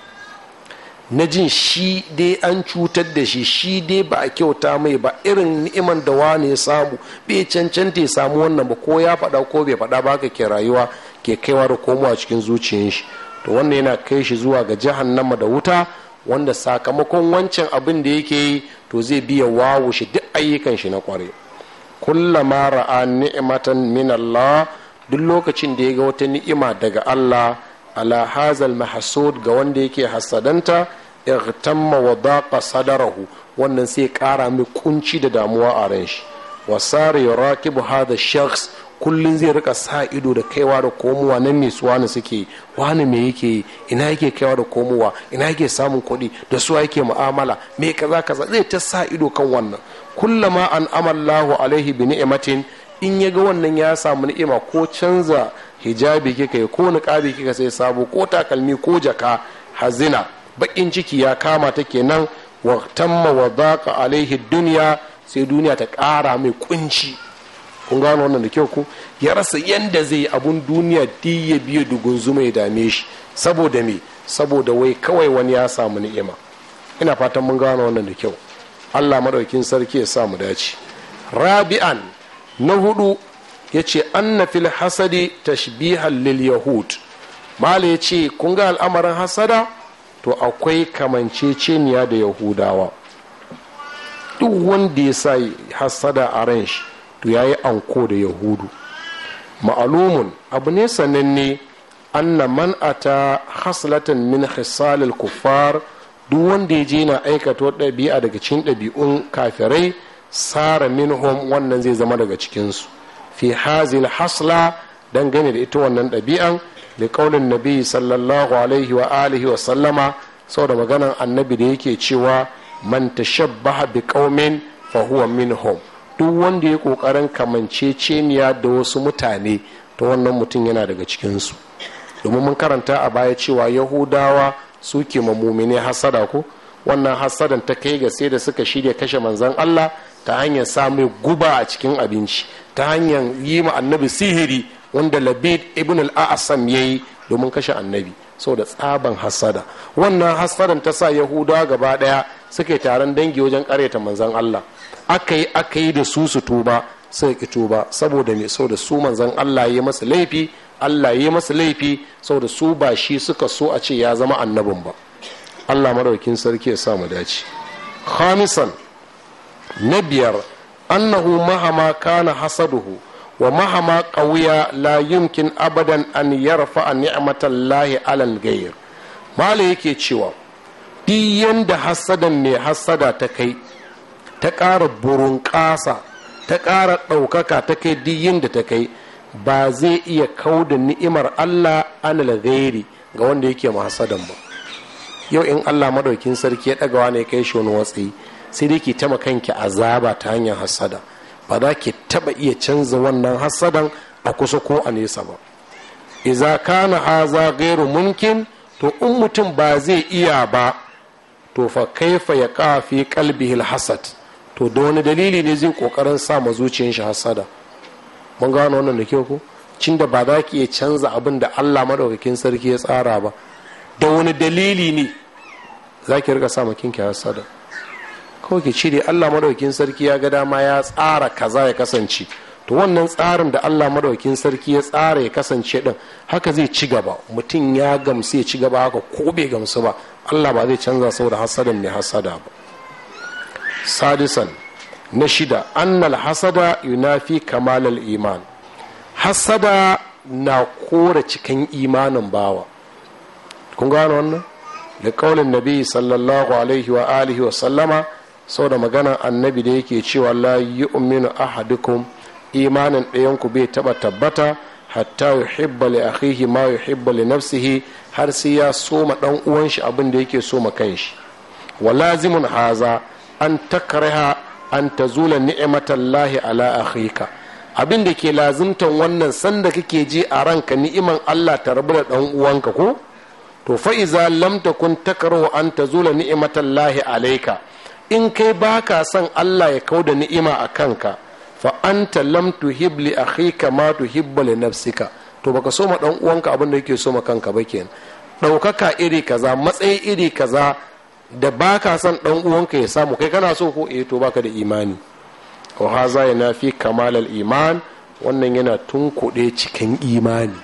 na jin shi dai an cutar da shi shi dai ba a kyauta mai ba irin ni'iman da wani ya samu bai cancanta ya samu wannan ba ko ya faɗa ko bai faɗa ba ke rayuwa ke kaiwa da komowa cikin zuciyar shi to wannan yana kai shi zuwa ga jahannama da wuta wanda sakamakon wancan abin da yake yi to zai biya wawo shi duk ayyukan shi na kware kullama ra'a ni'matan min Allah duk lokacin da ya ga wata ni'ima daga Allah ala hazal mahsud ga wanda yake hasadanta igtamma wa daqa sadarahu wannan sai kara mai kunci da damuwa a ran shi wa sare rakibu hada shakhs kullun zai rika sa ido da kaiwa da komowa nan ne su wani suke wani me yake ina yake kaiwa da komowa ina yake samun kuɗi da su yake mu'amala me kaza kaza zai ta sa ido kan wannan kullama an amallahu alaihi bi ni'matin in ya ga wannan ya samu ni'ima ko canza hijabi kika yi ko niqabi kika sai sabo ko takalmi ko jaka hazina bakin ciki ya kama ta kenan wa tamma wa dhaqa alaihi duniya sai duniya ta ƙara mai kunci kun gano wannan da kyau ko ya rasa yanda zai abun duniya di ya biya dugun zuma ya dame shi saboda me saboda wai kawai wani ya samu ni'ima ina fatan mun gano wannan da kyau Allah madaukin sarki ya sa dace rabi'an na hudu ya ce anna fil hasadi tashbihan lil yahud mala ya ce kun ga al'amarin hasada to akwai kamanceceniya da yahudawa duk wanda ya sa hasada a ran shi to ya yi anko da yahudu ma'alumun abu ne sananne anna man ata haslatan min hisalil kuffar duk wanda ya je na aikata ɗabi'a daga cikin ɗabi'un kafirai sara minhum wannan zai zama daga cikinsu fi hazil hasla dangane da ita wannan ɗabi'an liƙaunin nabi sallallahu alaihi wa alihi wa sallama saboda maganan annabi da yake cewa manta tashabbaha bi duk wanda ya kokarin kamanceceniya da wasu mutane ta wannan mutum yana daga cikinsu domin mun karanta a baya cewa yahudawa suke mamumine hasada ko wannan hasadan ta kai ga sai da suka shirya kashe manzan allah ta hanyar samun guba a cikin abinci ta hanyar yi ma annabi sihiri wanda labid ibn al-asam yayi domin kashe annabi saboda tsaban hasada wannan hasadan ta sa yahuda gaba daya suke taron dangi wajen karyata manzan Allah aka yi da su su tuba ya ki tuba saboda me saboda su manzan Allah ya masu laifi Allah ya masu laifi saboda su ba shi suka so a ce ya zama annabin ba Allah madaukin sarki ya sa mu dace khamisan na biyar annahu mahama kana hasaduhu wa mahama ƙauya la abadan an yarfa a ni'amatan lahi alal gayir mala yake cewa diyan da hasadan ne hassada ta kai ta ƙara burin ƙasa ta kara ɗaukaka ta kai diyan da ta kai ba zai iya kau da ni'imar allah alal ga wanda yake ma hasadan ba yau in allah madaukin sarki ya ɗagawa ne kai shi wani watsi sai dai ke tama kanki azaba ta hanyar hassada ba za ki taba iya canza wannan hasadan a kusa ko a nesa ba iza kana haza gairu mumkin to in mutum ba zai iya ba to fa kaifa ya kafi kalbihi hasad to da wani dalili ne zai kokarin sa ma zuciyar shi hasada mun gano wannan da kyau ko cin da ba za ki iya canza abin da Allah madaukakin sarki ya tsara ba da wani dalili ne za ki rika sa ma kinki hasada kawai ki cire allah madaukin sarki ya ga dama ya tsara kaza ya kasance to wannan tsarin da allah madaukin sarki ya tsara ya kasance din haka zai ci gaba mutum ya gamsu ya ci gaba haka ko bai gamsu ba allah ba zai canza saboda hasadan mai hasada ba sadisan na shida annal hasada yunafi kamalal iman hasada na kora cikin imanin bawa kun gano wannan da kaulin nabi sallallahu alaihi wa alihi wa sallama Sau da maganar annabi da yake cewa la yu'minu ahadukum imanin ɗayanku bai taɓa tabbata hatta yuhibba li akhihi ma yuhibba li nafsihi har sai ya soma ɗan uwan shi abin da yake soma shi. wa lazimun haza an takraha an tazula lahi ala akhika abin da ke lazimtan wannan sanda kake ji a ranka ni'iman Allah ta rabu da ɗan uwanka ko to fa iza lam takun takrahu an tazula lahi alayka in kai ba ka son Allah ya kau da ni'ima a kanka fa anta lam tuhib li akhika ma tuhibbu li nafsika to baka so ma dan uwanka abin da yake so ma kanka ba kenan daukaka iri kaza matsayi iri kaza da ba ka son dan uwanka ya samu kai kana so ko eh to baka da imani wa haza yanafi kamal al iman wannan yana tun tunkuɗe cikin imani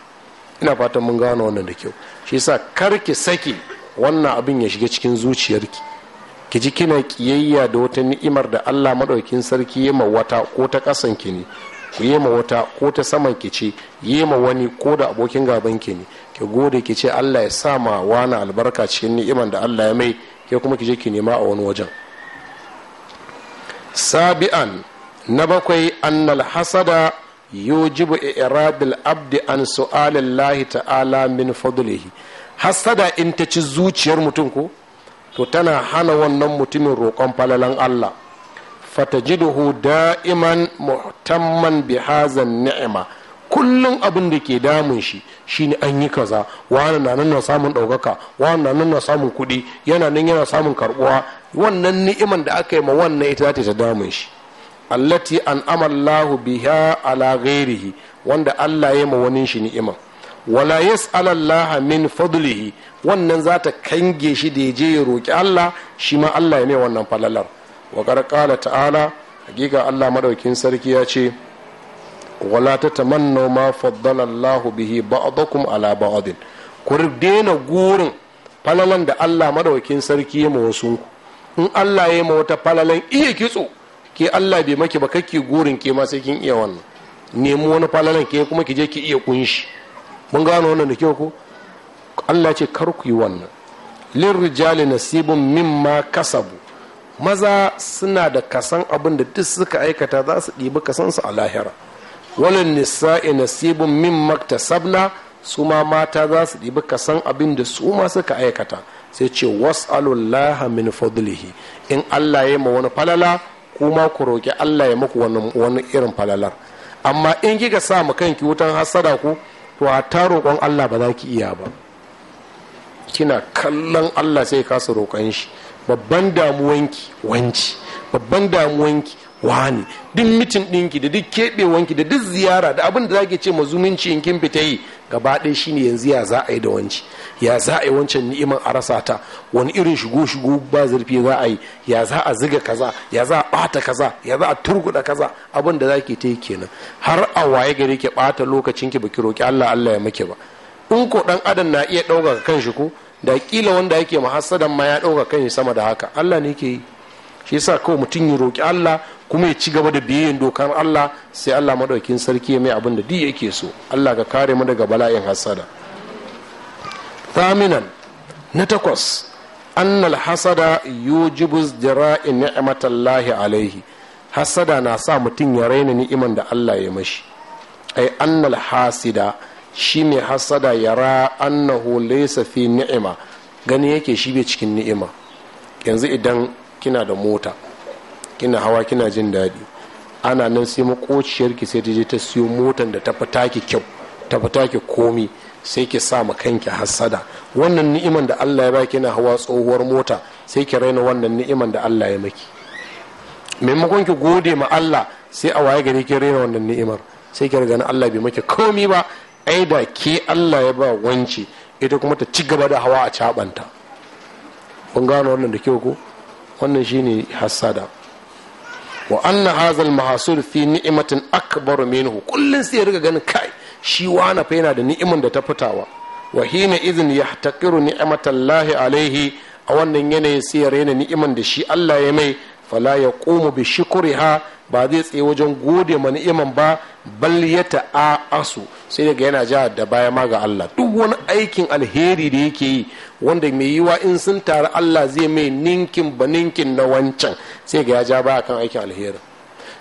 ina fatan mun gano wannan da kyau shi yasa karki saki wannan abin ya shiga cikin zuciyarki ki ji kina kiyayya da wata ni'imar da Allah maɗaukin sarki yema wata ko ta kasan ki ne ku yema wata ko ta saman ki ce yema wani ko da abokin gaban ki ne ki gode ki ce Allah ya sa ma wani albarka cikin ni'imar da Allah ya mai ke kuma ki je ki nema a wani wajen sabi'an na bakwai annal hasada yujibu i'rabil abdi an su'alillahi ta'ala min fadlihi hasada in ta ci zuciyar mutum ko to tana hana wannan mutumin roƙon falalan Allah fatajiduhu da'iman muhtamman bihazan hazan ni'ima kullum abin da ke damun shi shine an yi kaza wani na nan samun ɗaukaka wani na nan samun kuɗi yana nan yana samun karɓuwa wannan ni'iman da aka yi ma wannan ita ta damun shi allati an amallahu biha ala ghairihi wanda Allah ya yi ma wani shi ni'iman wala yas'al Allah min fadlihi wannan za ta kange shi da je ya roki Allah shi ma Allah ya mai wannan falalar wa qala ta'ala hakika Allah madaukin sarki ya ce wala tatamannu ma faddala Allah bihi ba'dakum ala ba'din ku daina gurin falalan da Allah madaukin sarki ya ma wasu in Allah ya ma wata falalan iya kitso ke Allah bai maki ba kake gurin ke ma sai kin iya wannan nemi wani falalan ke kuma ki je ki iya kunshi mun gano wannan da kyau ko Allah ce kar ku yi wannan lirrijali nasibun mimma kasabu maza suna da kasan abin da duk suka aikata za su ɗibi kasansu a lahira walin nisa'i nasibun mimma tasabna su ma mata za su ɗibi kasan abin da su ma suka aikata sai ce was'alullaha min fadlihi in Allah ya ma wani falala kuma ku roƙi Allah ya muku wani irin falalar amma in kika sa mu kanki wutan hasada ku to ta roƙon Allah ba za ki iya ba kina kallon Allah sai kasa roƙon shi babban damuwanki wanci babban damuwanki wani duk mitin ɗinki da duk keɓewanki da duk ziyara da abin da zaki ce ma zumunci in kin fita yi gaba ɗaya shine yanzu ya za a yi da wanci ya za a yi wancan ni'iman a rasa ta wani irin shigo shigo ba zurfi za a yi ya za a ziga kaza ya za a ɓata kaza ya za a turguda kaza abin da zaki ta yi kenan har a waye gari ki ɓata lokacin ki baki roki Allah Allah ya maki ba in ko ɗan adam na iya ɗaukaka shi ko da kila wanda yake mahassadan ma ya ɗauka shi sama da haka Allah ne ke yi shi yasa kawai mutum ya roƙi Allah kuma ya ci gaba da biyayyen dokar Allah sai Allah madaukin sarki ya mai abin da duk yake so Allah ka kare mu daga bala'in hasada thaminan na takwas annal hasada yujibu zira'i ni'matallahi alaihi hasada na sa mutum ya raina ni'iman da Allah ya mashi ai annal hasida shi mai hasada yara annahu laysa fi ni'ima gani yake shi bai cikin ni'ima yanzu idan kina da mota kina hawa kina jin daɗi ana nan sai makociyarki sai ta je ta siyo motan da ta fita ki kyau ta fita ki komi sai ki sa ma kanki hassada wannan ni'iman da Allah ya baki na hawa tsohuwar mota sai ki raina wannan ni'iman da Allah ya maki maimakon ki gode ma Allah sai a waye gari ki raina wannan ni'imar sai ki riga Allah bai maki komi ba ai da ke Allah ya ba wance ita kuma ta ci gaba da hawa a caɓanta kun gano wannan da kyau ko wannan shine hasada wa anna hazal mahasur fi ni'matin akbar minhu kullun sai riga ganin kai shi wani fa yana da ni'iman da ta fitawa wa hina idhin yahtaqiru ni'matallahi alaihi a wannan yanayin sai ya raina ni'iman da shi Allah ya mai fala ya komu bi shukuriha ba zai tsaye wajen gode ma ni'iman ba bal ya ta'asu sai daga yana ja da baya ma ga Allah duk wani aikin alheri da yake yi wanda mai yiwa in sun taru Allah zai mai ninkin ba ninkin na wancan sai ga ya ja baya kan aikin alheri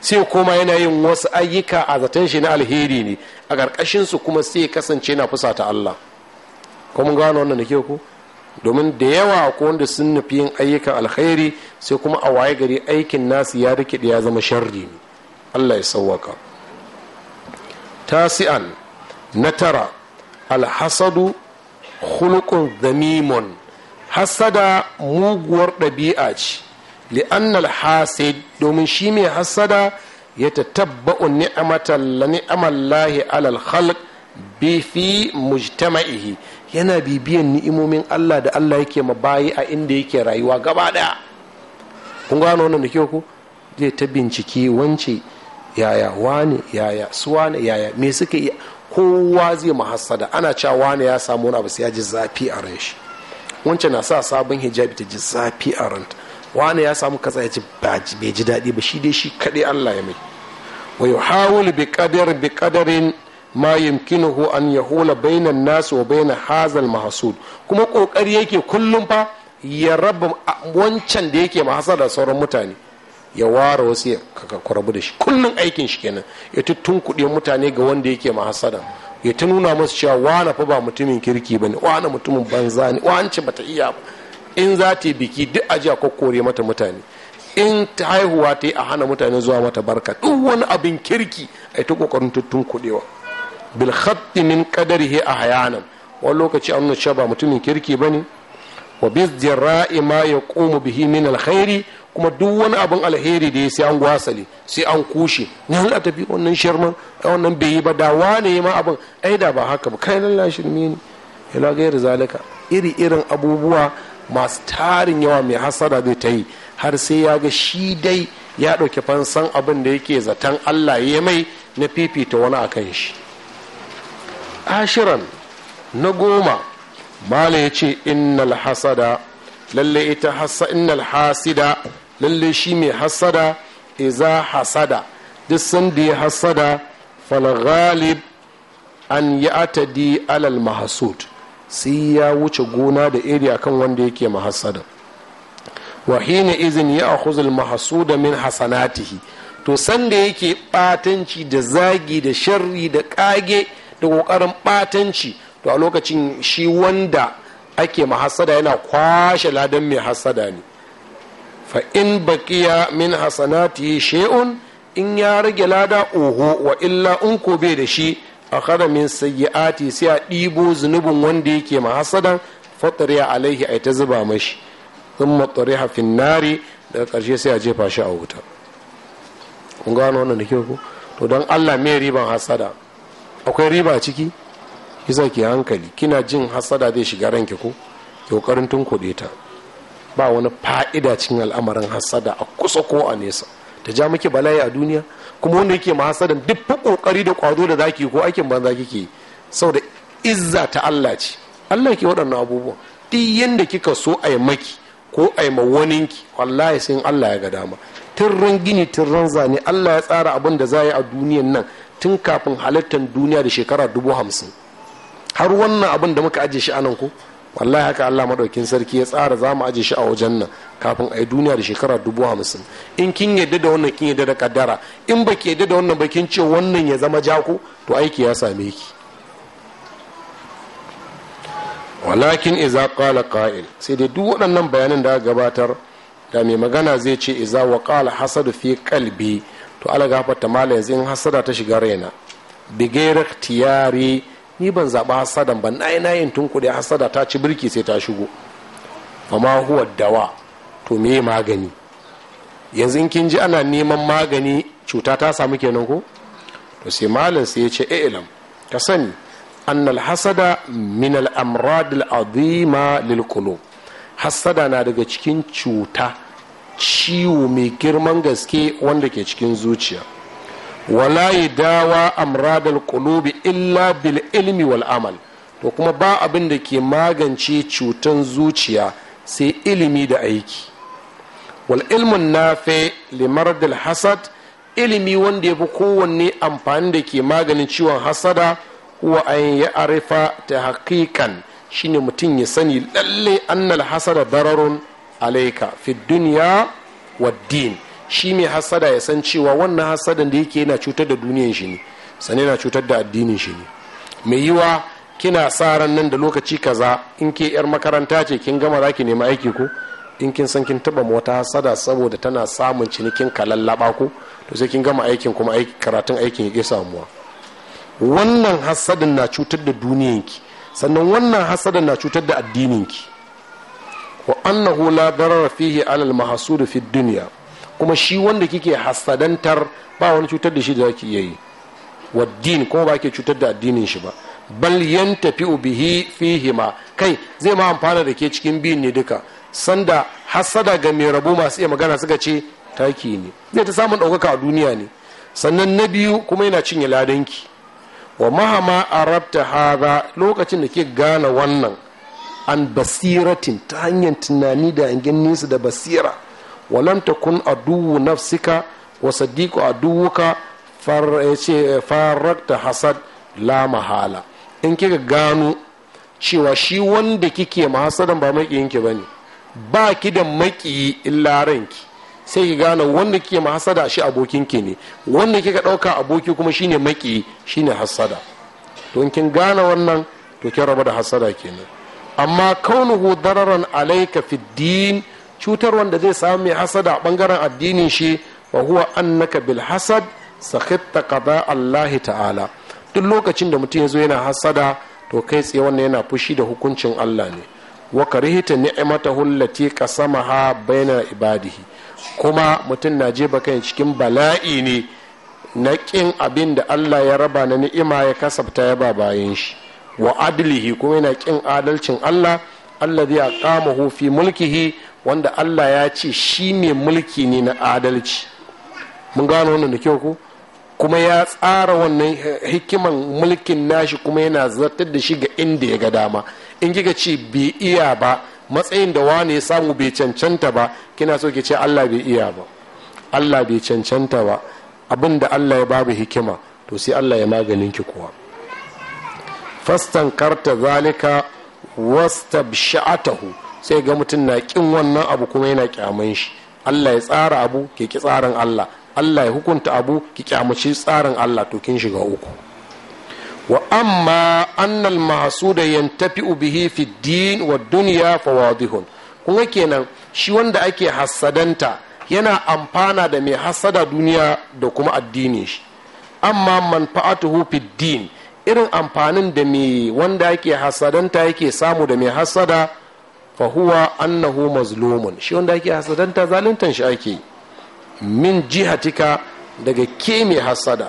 sai koma yana yin wasu ayyuka a zaton shi na alheri ne a ƙarƙashin su kuma sai kasance na fusata Allah ko mun gano wannan da ke ku domin da yawa ko wanda sun nufi yin ayyukan alheri sai kuma a waye gari aikin nasu ya rikide ya zama sharri ne Allah ya sauwaka tasi'an na tara alhasadu khuluqun zamimun hasada muguwar ɗabi'a ce li'annal hasid domin shi mai hasada ya ta tabba'un tattabba'u lahi alal khalq bi fi mujtama'ihi yana bibiyan ni'imomin Allah da Allah yake mabayi a inda yake rayuwa gaba daya kun gano wannan da kyau ku zai ta binciki wance yaya wane yaya wane yaya me suka iya kowa zai mahasada, ana cewa wani ya samu wani abu sai ya ji zafi a ran shi wancan na sa sabon hijabi ta ji zafi a ranta wani ya samu katsa ya ci bai ji daɗi ba shi dai shi kaɗai Allah ya mai wa hawul bi qadar bi qadarin ma yumkinuhu an hula bainan nasu wa bainan hazal mahasud kuma kokari yake kullum fa ya raba wancan da yake mahasada sauran mutane ya ware wasu ya kurabu da shi kullum aikin shi kenan ya tuttun kuɗi mutane ga wanda yake ma ya ta nuna masu cewa wane fa ba mutumin kirki ba ne wane mutumin banza ne wance ta iya ba in za ta yi biki duk ajiya ko kore mata mutane in ta haihuwa ta yi a hana mutane zuwa mata barka duk wani abin kirki a ta kokarin tuttun kuɗewa bil khatti min qadarihi hayanan. wani lokaci an nuna cewa ba mutumin kirki ba ne wa bis jira'i ma ya ƙomu bihi min alkhairi kuma duk wani abin alheri da ya sai an gwasale sai an kushe ne an tafi wannan shirman wannan bai yi ba da wane ma abin ai da ba haka ba kai lalla shirme ne ila gairi zalika iri irin abubuwa masu tarin yawa mai hasara zai ta yi har sai ya ga shi dai ya ɗauki fansan abin da yake zaton allah ya mai na fifita wani a kan shi ashiran na goma mala ya ce innal hasada lalle ita hasa innal hasida lalle shi mai hasada iza hasada duk sanda ya hasada falagalib an yi atadi alal mahasud sai ya wuce gona da iri akan wanda yake mahasada wa hina izin ya akhuzul mahasuda min hasanatihi to sanda yake batanci da zagi da sharri da kage da kokarin batanci to a lokacin shi wanda ake mahasada yana kwashe ladan mai hasada ne fa in baqiya min hasanati shay'un in ya rage lada oho wa illa in ko bai da shi a kada min sayyi'ati sai a ɗibo zunubin wanda yake mahasadan fatariya alaihi a ta zuba mashi sun hafin nari daga ƙarshe sai a jefa shi a wuta kun gano wannan da kyau ko to don allah mai riban hasada akwai riba ciki isa ki hankali kina jin hasada zai shiga ranki ko kokarin tun kuɗe ta ba wani fa'ida cikin al'amarin hasada a kusa ko a nesa ta ja miki bala'i a duniya kuma wanda yake ma hasadan duk fa kokari da kwado da zaki ko aikin banza kike saboda izza ta Allah ce Allah ke waɗannan abubuwa duk yanda kika so a yi maki ko a yi mawaninki wallahi sai Allah ya ga dama tirran gini tirran zane Allah ya tsara abin da za a duniyan nan tun kafin halittar duniya da shekara dubu hamsin har wannan abin da muka aje shi anan ko wallahi haka Allah madaukin sarki ya tsara za mu aje shi a wajen nan kafin a yi duniya da shekara dubu hamsin in kin yadda da wannan kin yadda da kaddara in ba ki yadda da wannan ba kin ce wannan ya zama jako to aiki ya same ki walakin iza qala qa'il sai dai duk waɗannan bayanan da gabatar da mai magana zai ce iza wa qala hasadu fi qalbi to ala ta mala yanzu in hasada ta shiga raina ghairi ikhtiyari ni ban zaɓa hasadan ba na ina yin tunkuɗe hasada ta ci birki sai ta shigo amma huwa dawa to me magani yanzu in kin ji ana neman magani cuta ta samu kenan ko to sai malam sai ya ce eh, ilam ka sani annal hasada min al amradil azima lil hasada na daga cikin cuta ciwo mai girman gaske wanda ke cikin zuciya wala dawa amradal kulubi illa bil ilmi wal to kuma ba abin da ke magance cutan zuciya sai ilimi da aiki wal ilmun limar limardil hasad ilimi wanda ya fi kowanne amfani da ke maganin ciwon hasada huwa an ya arifa ta hakikan shine mutum ya sani lalle annal hasada dararun alaika fi duniya wa din shi mai hasada ya san cewa wannan hasadan da yake yana cutar da duniyan shi ne sane yana cutar da addinin shi ne mai yiwa kina sa ran nan da lokaci kaza in ke yar makaranta ce kin gama za ki nema aiki ko in kin san kin taba wata hasada saboda tana samun cinikin kalallaba ko to sai kin gama aikin kuma karatun aikin ya samuwa wannan hasadin na cutar da ki sannan wannan hasadin na cutar da addinin ki? wa annahu la darara fihi alal mahsud fi dunya kuma shi wanda kike hasadantar ba wani cutar da shi da zaki iya yi wa din ko ba ke cutar da addinin shi ba bal yantafi'u bihi ma kai zai ma amfana da ke cikin biyun ne duka sanda hasada ga mai rabo masu iya magana suka ce taki ne zai ta samun ɗaukaka a duniya ne sannan na biyu kuma yana cinye ladanki wa mahama arabta hara lokacin da ke gane wannan an basiratin ta hanyar tunani da hangen nesa da basira walam takun aduwu nafsika wa sadiqu aduwuka eh, eh, farrakta hasad la mahala in kika gano cewa shi wanda kike mahasadan ba maƙiyinki bane ba ki da maƙiyi illa ranki sai ki gane wanda kike mahasada shi abokinki ne wanda kika ɗauka aboki kuma shi ne maƙiyi shine hasada don kin gane wannan to kin raba da hasada kenan amma kaunuhu dararan alaika fiddin. din cutar wanda zai samu mai hasada a bangaren addinin shi wa huwa annaka bil hasad sakhitta qada Allah ta'ala duk lokacin da mutum yazo yana hasada to kai tsaye wannan yana fushi da hukuncin Allah ne wa karihita ni'matahu allati qasamaha baina ibadihi kuma mutum na jefa kai cikin bala'i ne na kin abin da Allah ya raba na ni'ima ya kasabta ya ba bayan shi wa adlihi kuma yana kin adalcin Allah Allah alladhi aqamahu fi mulkihi wanda Allah ya ce shi ne mulki ne na adalci mun gano wannan da kyau ko kuma ya tsara wannan hikiman mulkin nashi kuma yana zartar da shi ga inda ya ga dama in kika ce bi iya ba matsayin da wane ya samu bai cancanta ba kina so ki ce Allah bai iya ba Allah bai cancanta ba abin da Allah ya babu hikima to sai Allah ya maganin ki kuwa fastan karta zalika wastabsha'atahu sai ga mutum na kin wannan abu kuma yana kyaman shi Allah ya tsara abu ke ki tsarin Allah Allah ya hukunta abu ki kyamaci tsarin Allah to kin shiga uku wa amma annal masuda yantafi'u bihi fi din wa dunya fawadihun kuma kenan shi wanda ake hassadanta yana amfana da mai hassada duniya da kuma addinin shi amma manfa'atuhu fi din irin amfanin da mai wanda yake hasadanta yake samu da mai hasada fahuwa annahu mazlumun shi wanda yake hasadanta zaluntan shi ake min jihatika daga ke mai hasada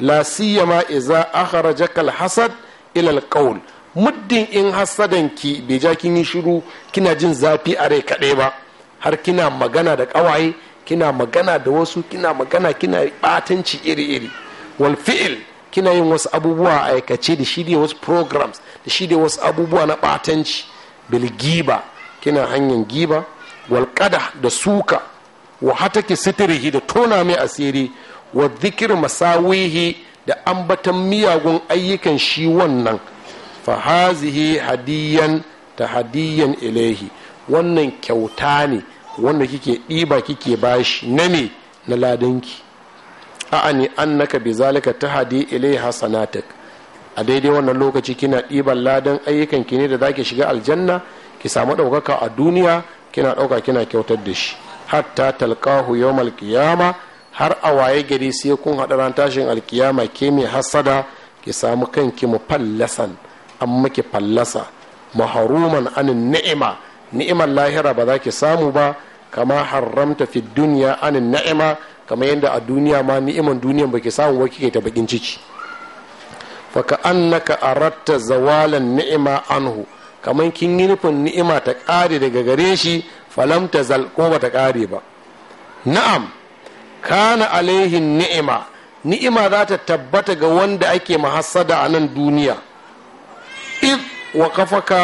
la siyama iza akharaja kal hasad ilal al muddin in hasadan ki bai ja kin yi shiru kina jin zafi a rai kaɗai ba har kina magana da ƙawaye kina magana da wasu kina magana kina batanci iri-iri wal fi'il kina yin wasu abubuwa a aikace da shi wasu programs da shi wasu abubuwa na batanci bil kina hanyar giba walƙada da suka wa hata ki sitirihi da tona mai asiri wa zikir masawihi da ambatan miyagun ayyukan shi wannan fa hadiyan ta hadiyan ilahi wannan kyauta ne wanda kike ɗiba kike bashi na me na ladanki a'ani annaka bi zalika tahdi ilai hasanatak a daidai wannan lokaci kina ɗiban ladan ayyukan ki ne da zaki shiga aljanna ki samu ɗaukaka a duniya kina ɗauka kina kyautar da shi hatta talqahu yawmal qiyama har a waye gari sai kun haɗa ran tashin alkiyama ke mai hasada ki samu kanki mu fallasan an miki fallasa maharuman anin ni'ima ni'imar lahira ba za ki samu ba kama haramta fi duniya anin ni'ima kamar yadda a duniya ma ni'iman duniyan ke samun waki ke ta bakin ciki fa ka annaka aratta zawalan ni'ima anhu kamar kin yi nufin ni'ima ta kare daga gare shi falam ta zal ko ba ta kare ba na'am kana alaihin ni'ima ni'ima za ta tabbata ga wanda ake mahassada a nan duniya id wa kafaka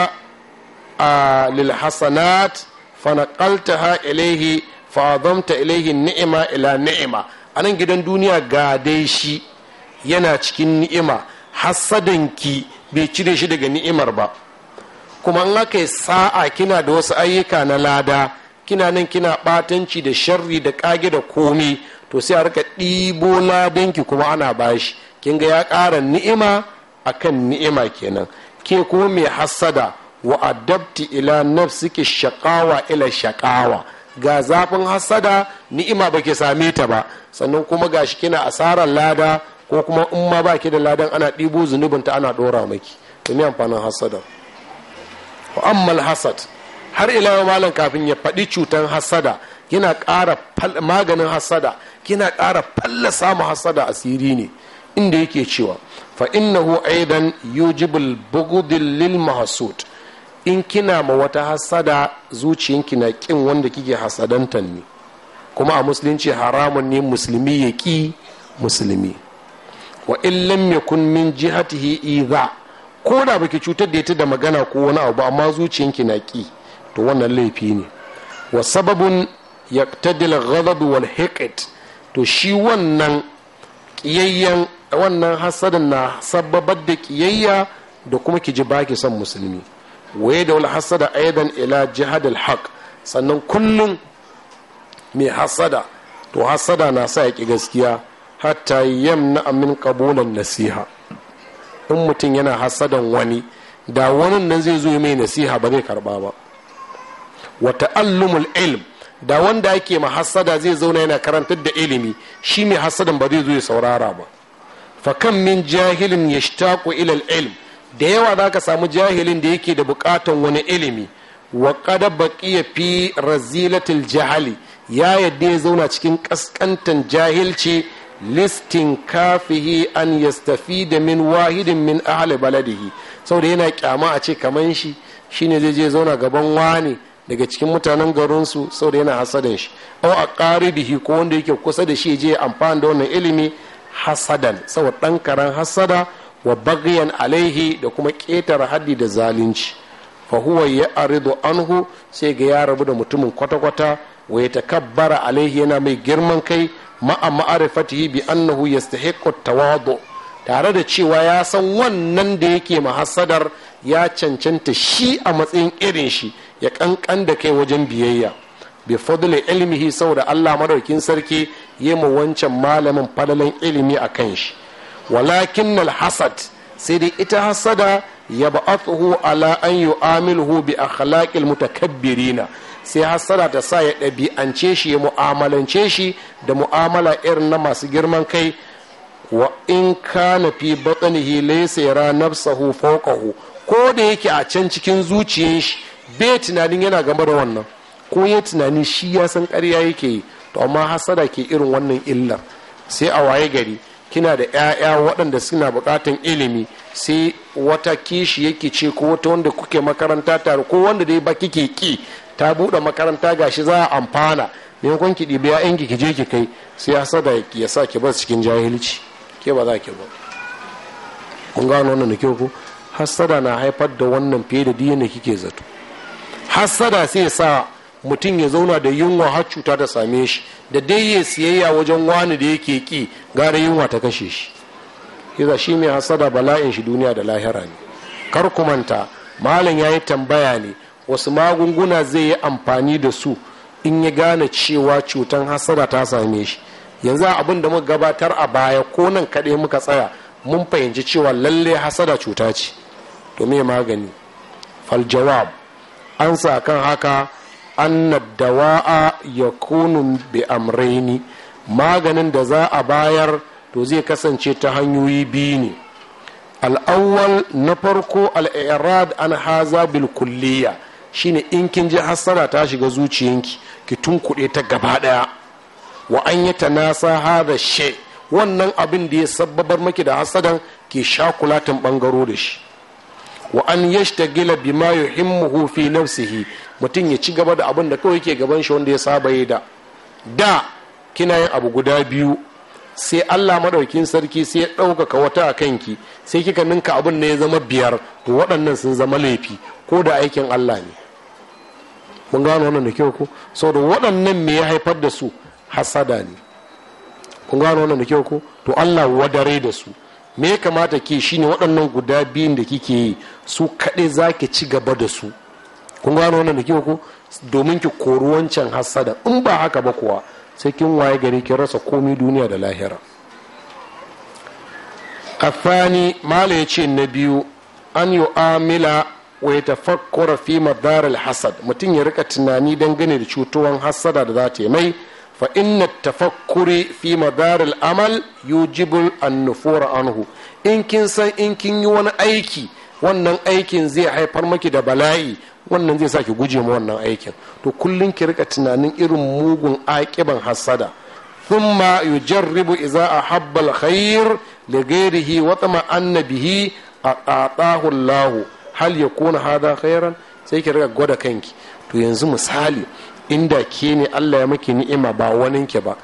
a lilhasanat fanaqaltaha ilaihi fa'adamta ilaihi ni'ima ila ni'ima a nan gidan duniya ga dai shi yana cikin ni'ima hasadanki bai cire shi daga ni'imar ba kuma in aka yi sa'a kina da wasu ayyuka na lada kina nan kina batanci da sharri da kage da komi to sai a rika ɗibo ladanki kuma ana bashi kin ga ya ƙara ni'ima akan ni'ima kenan ke kuma mai hasada wa adabti ila nafsiki shakawa ila shakawa ga zafin hasada ni'ima baki same ta ba sannan kuma gashi kina asarar lada ko kuma in ma baki da ladan ana ɗibo zunubin ta ana ɗora maki to me amfanin hasada. wa ammal hasad har ila malam kafin ya faɗi cutan hassada kina ƙara maganin hassada kina ƙara falla samu hassada asiri ne inda yake cewa fa innahu aidan yujibul bughdil lil mahsud in kina ma wata hasada zuciyanki na kin wanda kike hasadantan ne kuma a musulunci haramun ne musulmi ya ki musulmi wa in lam yakun min jihatihi idha ko da baki cutar da ita da magana ko wani abu amma zuciyanki na ki to wannan laifi ne wa sababun yaqtadil ghadab wal hiqat to shi wannan ƙiyayyen, wannan hasadan na sababar da ƙiyayya da kuma ki ji baki son musulmi waye da wani hasada aidan ila jihad al haq sannan kullum mai hasada to hasada na sa ki gaskiya hatta yamna min qabulan nasiha in mutum yana hasadan wani da wani nan zai zo mai nasiha ba zai karba ba wa ta'allumul ilm da wanda ake ma hasada zai zauna yana karantar da ilimi shi mai hasadan ba zai zo ya saurara ba fa kam min jahilin yashtaqu ila al ilm da yawa za ka samu jahilin da yake da bukatan wani ilimi wa kada ya fi razilatul jahali ya yadda ya zauna cikin kaskantan jahilci listin kafihi an yastafi da min wahidin min ahali baladihi saboda yana kyama a ce kaman shi shine zai je zauna gaban wani daga cikin mutanen garinsu saboda yana hasadan shi au a qaribihi ko wanda yake kusa da shi je amfani da wannan ilimi hasadan saboda ɗan karan hasada wa bagiyan alaihi da kuma ƙetare haddi da zalunci fa huwa ya arido anhu sai ga ya rabu da mutumin kwata-kwata wa ya takabbara alaihi yana mai girman kai ma'a ma'arifatihi bi annahu yastahiqqu tawadu tare da cewa ya san wannan da yake mahassadar ya cancanta shi a matsayin irin shi ya kankan da kai wajen biyayya bi fadli ilmihi saboda Allah madaukin sarki ma wancan malamin fadalan ilimi a kan shi walakin hassad sai dai ita hasada ya ba'athu ala an yu'amilhu bi akhlaqil mutakabbirina sai hassada ta sa ya ɗabi'ance shi ya mu'amalance shi da mu'amala irin na masu girman kai wa in kana fi batnihi laysa na sahu fokahu ko da yake a can cikin zuciyar shi bai tunanin yana gama da wannan ko ya tunani shi ya san ƙarya yake yi to amma hassada ke irin wannan illar sai a waye gari kina da 'ya'ya waɗanda suna buƙatan ilimi sai wata kishi yake ce ko wata wanda kuke makaranta tare ko wanda dai ba kike ki ta buɗe makaranta gashi za a amfana maimakon ki ɗibi 'ya'yanki ki je ki kai sai ya da ya sa ki bar cikin jahilci ke ba za ki ba kun gano wannan da kyau ko hassada na haifar da wannan fiye da diyan da kike zato hassada sai ya sa mutum ya zauna da yunwa har cuta ta same shi da dai ya siyayya wajen wani da yake ki gara yunwa ta kashe shi yadda shi mai hasada bala'in shi duniya da lahira ne kar ku manta malam ya yi tambaya ne wasu magunguna zai yi amfani da su in ya gane cewa cutan hasada ta same shi yanzu abin da muka gabatar a baya ko nan kaɗai muka tsaya mun fahimci cewa lalle hasada cuta ce to me magani faljawab an sa kan haka anna dawa'a ya kunu bi amraini maganin da za a bayar to zai kasance ta hanyoyi biyu ne al'awwal na farko al'irad an haza bil kulliya shine in kin ji hassara ta shiga zuciyanki ki tun kuɗe ta gaba ɗaya wa an yi ta nasa hada she wannan abin da ya sabbabar maki da hassadan ki sha kulatin ɓangaro da shi wa an yashtagila bima yuhimmuhu fi nafsihi mutum ya ci gaba da abin da kawai ke gaban shi wanda ya saba yi da da kina yin abu guda biyu sai Allah madaukin sarki sai ya ɗaukaka wata a kanki sai kika ninka abin da ya zama biyar to waɗannan sun zama laifi ko da aikin Allah ne mun gano wannan da kyau ko saboda waɗannan me ya haifar da su hasada ne kun gano wannan da kyau ko to Allah wadare da su me ya kamata ke shine waɗannan guda biyun da kike yi su kaɗai za ki ci gaba da su kun gano wannan da kima ko domin ki kori wancan hassada in ba haka ba kuwa sai kin waye gari kin rasa komi duniya da lahira afani mala ya ce na biyu an yi amila wa ya tafakkura fi madarar hasad mutum ya rika tunani dangane da cutuwan hassada da za ta yi mai fa inna tafakkuri fi madaril amal yujibul an anhu in kin san in kin yi wani aiki wannan aikin zai haifar maki da bala'i wannan zai sa ki guje ma wannan aikin to kullum ki rika tunanin irin mugun aƙiban hassada ثم يجرب إذا أحب الخير bihi a به أعطاه الله هل يكون hada خيرا sai ki rika gwada kanki to yanzu misali inda ke ne allah ya maki ni'ima ba wanin ke ba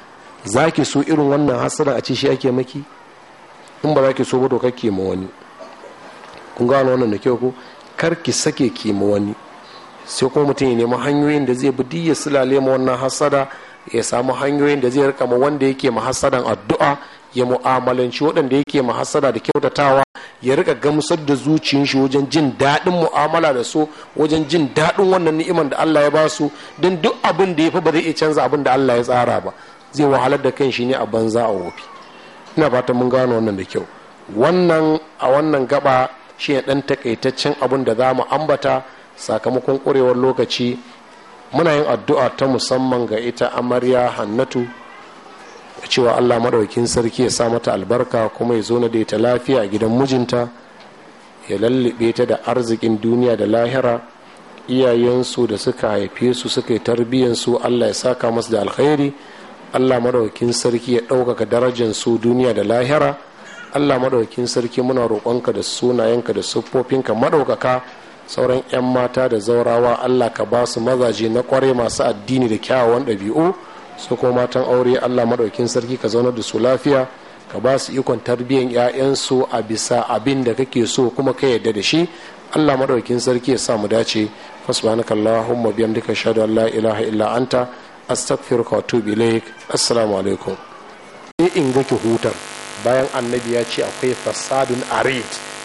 za ki so irin wannan hasara a ce ake maki in ba za ki so ba to kake ma wani kun gano wannan da kyau ko kar ki sake ki ma wani sai kuma mutum ya nemi hanyoyin da zai bi ya silale ma wannan hasada ya samu hanyoyin da zai rika ma wanda yake ma hasadan addu'a ya mu'amalanci waɗanda yake mahasada da kyautatawa ya rika gamsar da zuciyar shi wajen jin daɗin mu'amala da su wajen jin daɗin wannan ni'iman da Allah ya basu su don duk abin da ya fi ba zai iya canza abin da Allah ya tsara ba zai wahalar da kan shi ne a banza a wofi ina fatan mun gano wannan da kyau wannan a wannan gaba shi ne ɗan takaitaccen abin da za mu ambata sakamakon ƙurewar lokaci muna yin addu'a ta musamman ga ita amarya hannatu cewa allah maɗaukin sarki ya sa mata albarka kuma ya zo na daita lafiya a gidan mijinta ya lallabe ta da arzikin duniya da lahira iyayensu da suka haife su suka yi tarbiyyansu allah ya saka masu da alkhairi allah maɗaukin sarki ya ɗaukaka darajar su duniya da lahira allah maɗaukin sarki muna roƙonka da sunayenka da siffofinka maɗaukaka sauran 'yan mata da zaurawa allah ka ba su mazaje na ƙware masu addini da kyawawan ɗabi'u su kuma matan aure allah maɗaukin sarki ka zaunar da su lafiya ka ba su ikon tarbiyyan 'ya'yansu a bisa abin da kake so kuma ka yarda da shi allah maɗaukin sarki ya sa mu dace fasbanaka allahumma biyan duka an la ilaha illa anta astaghfiruka wa atubu ilaik assalamu alaikum in ga ki hutar bayan annabi ya ce akwai fasadun arid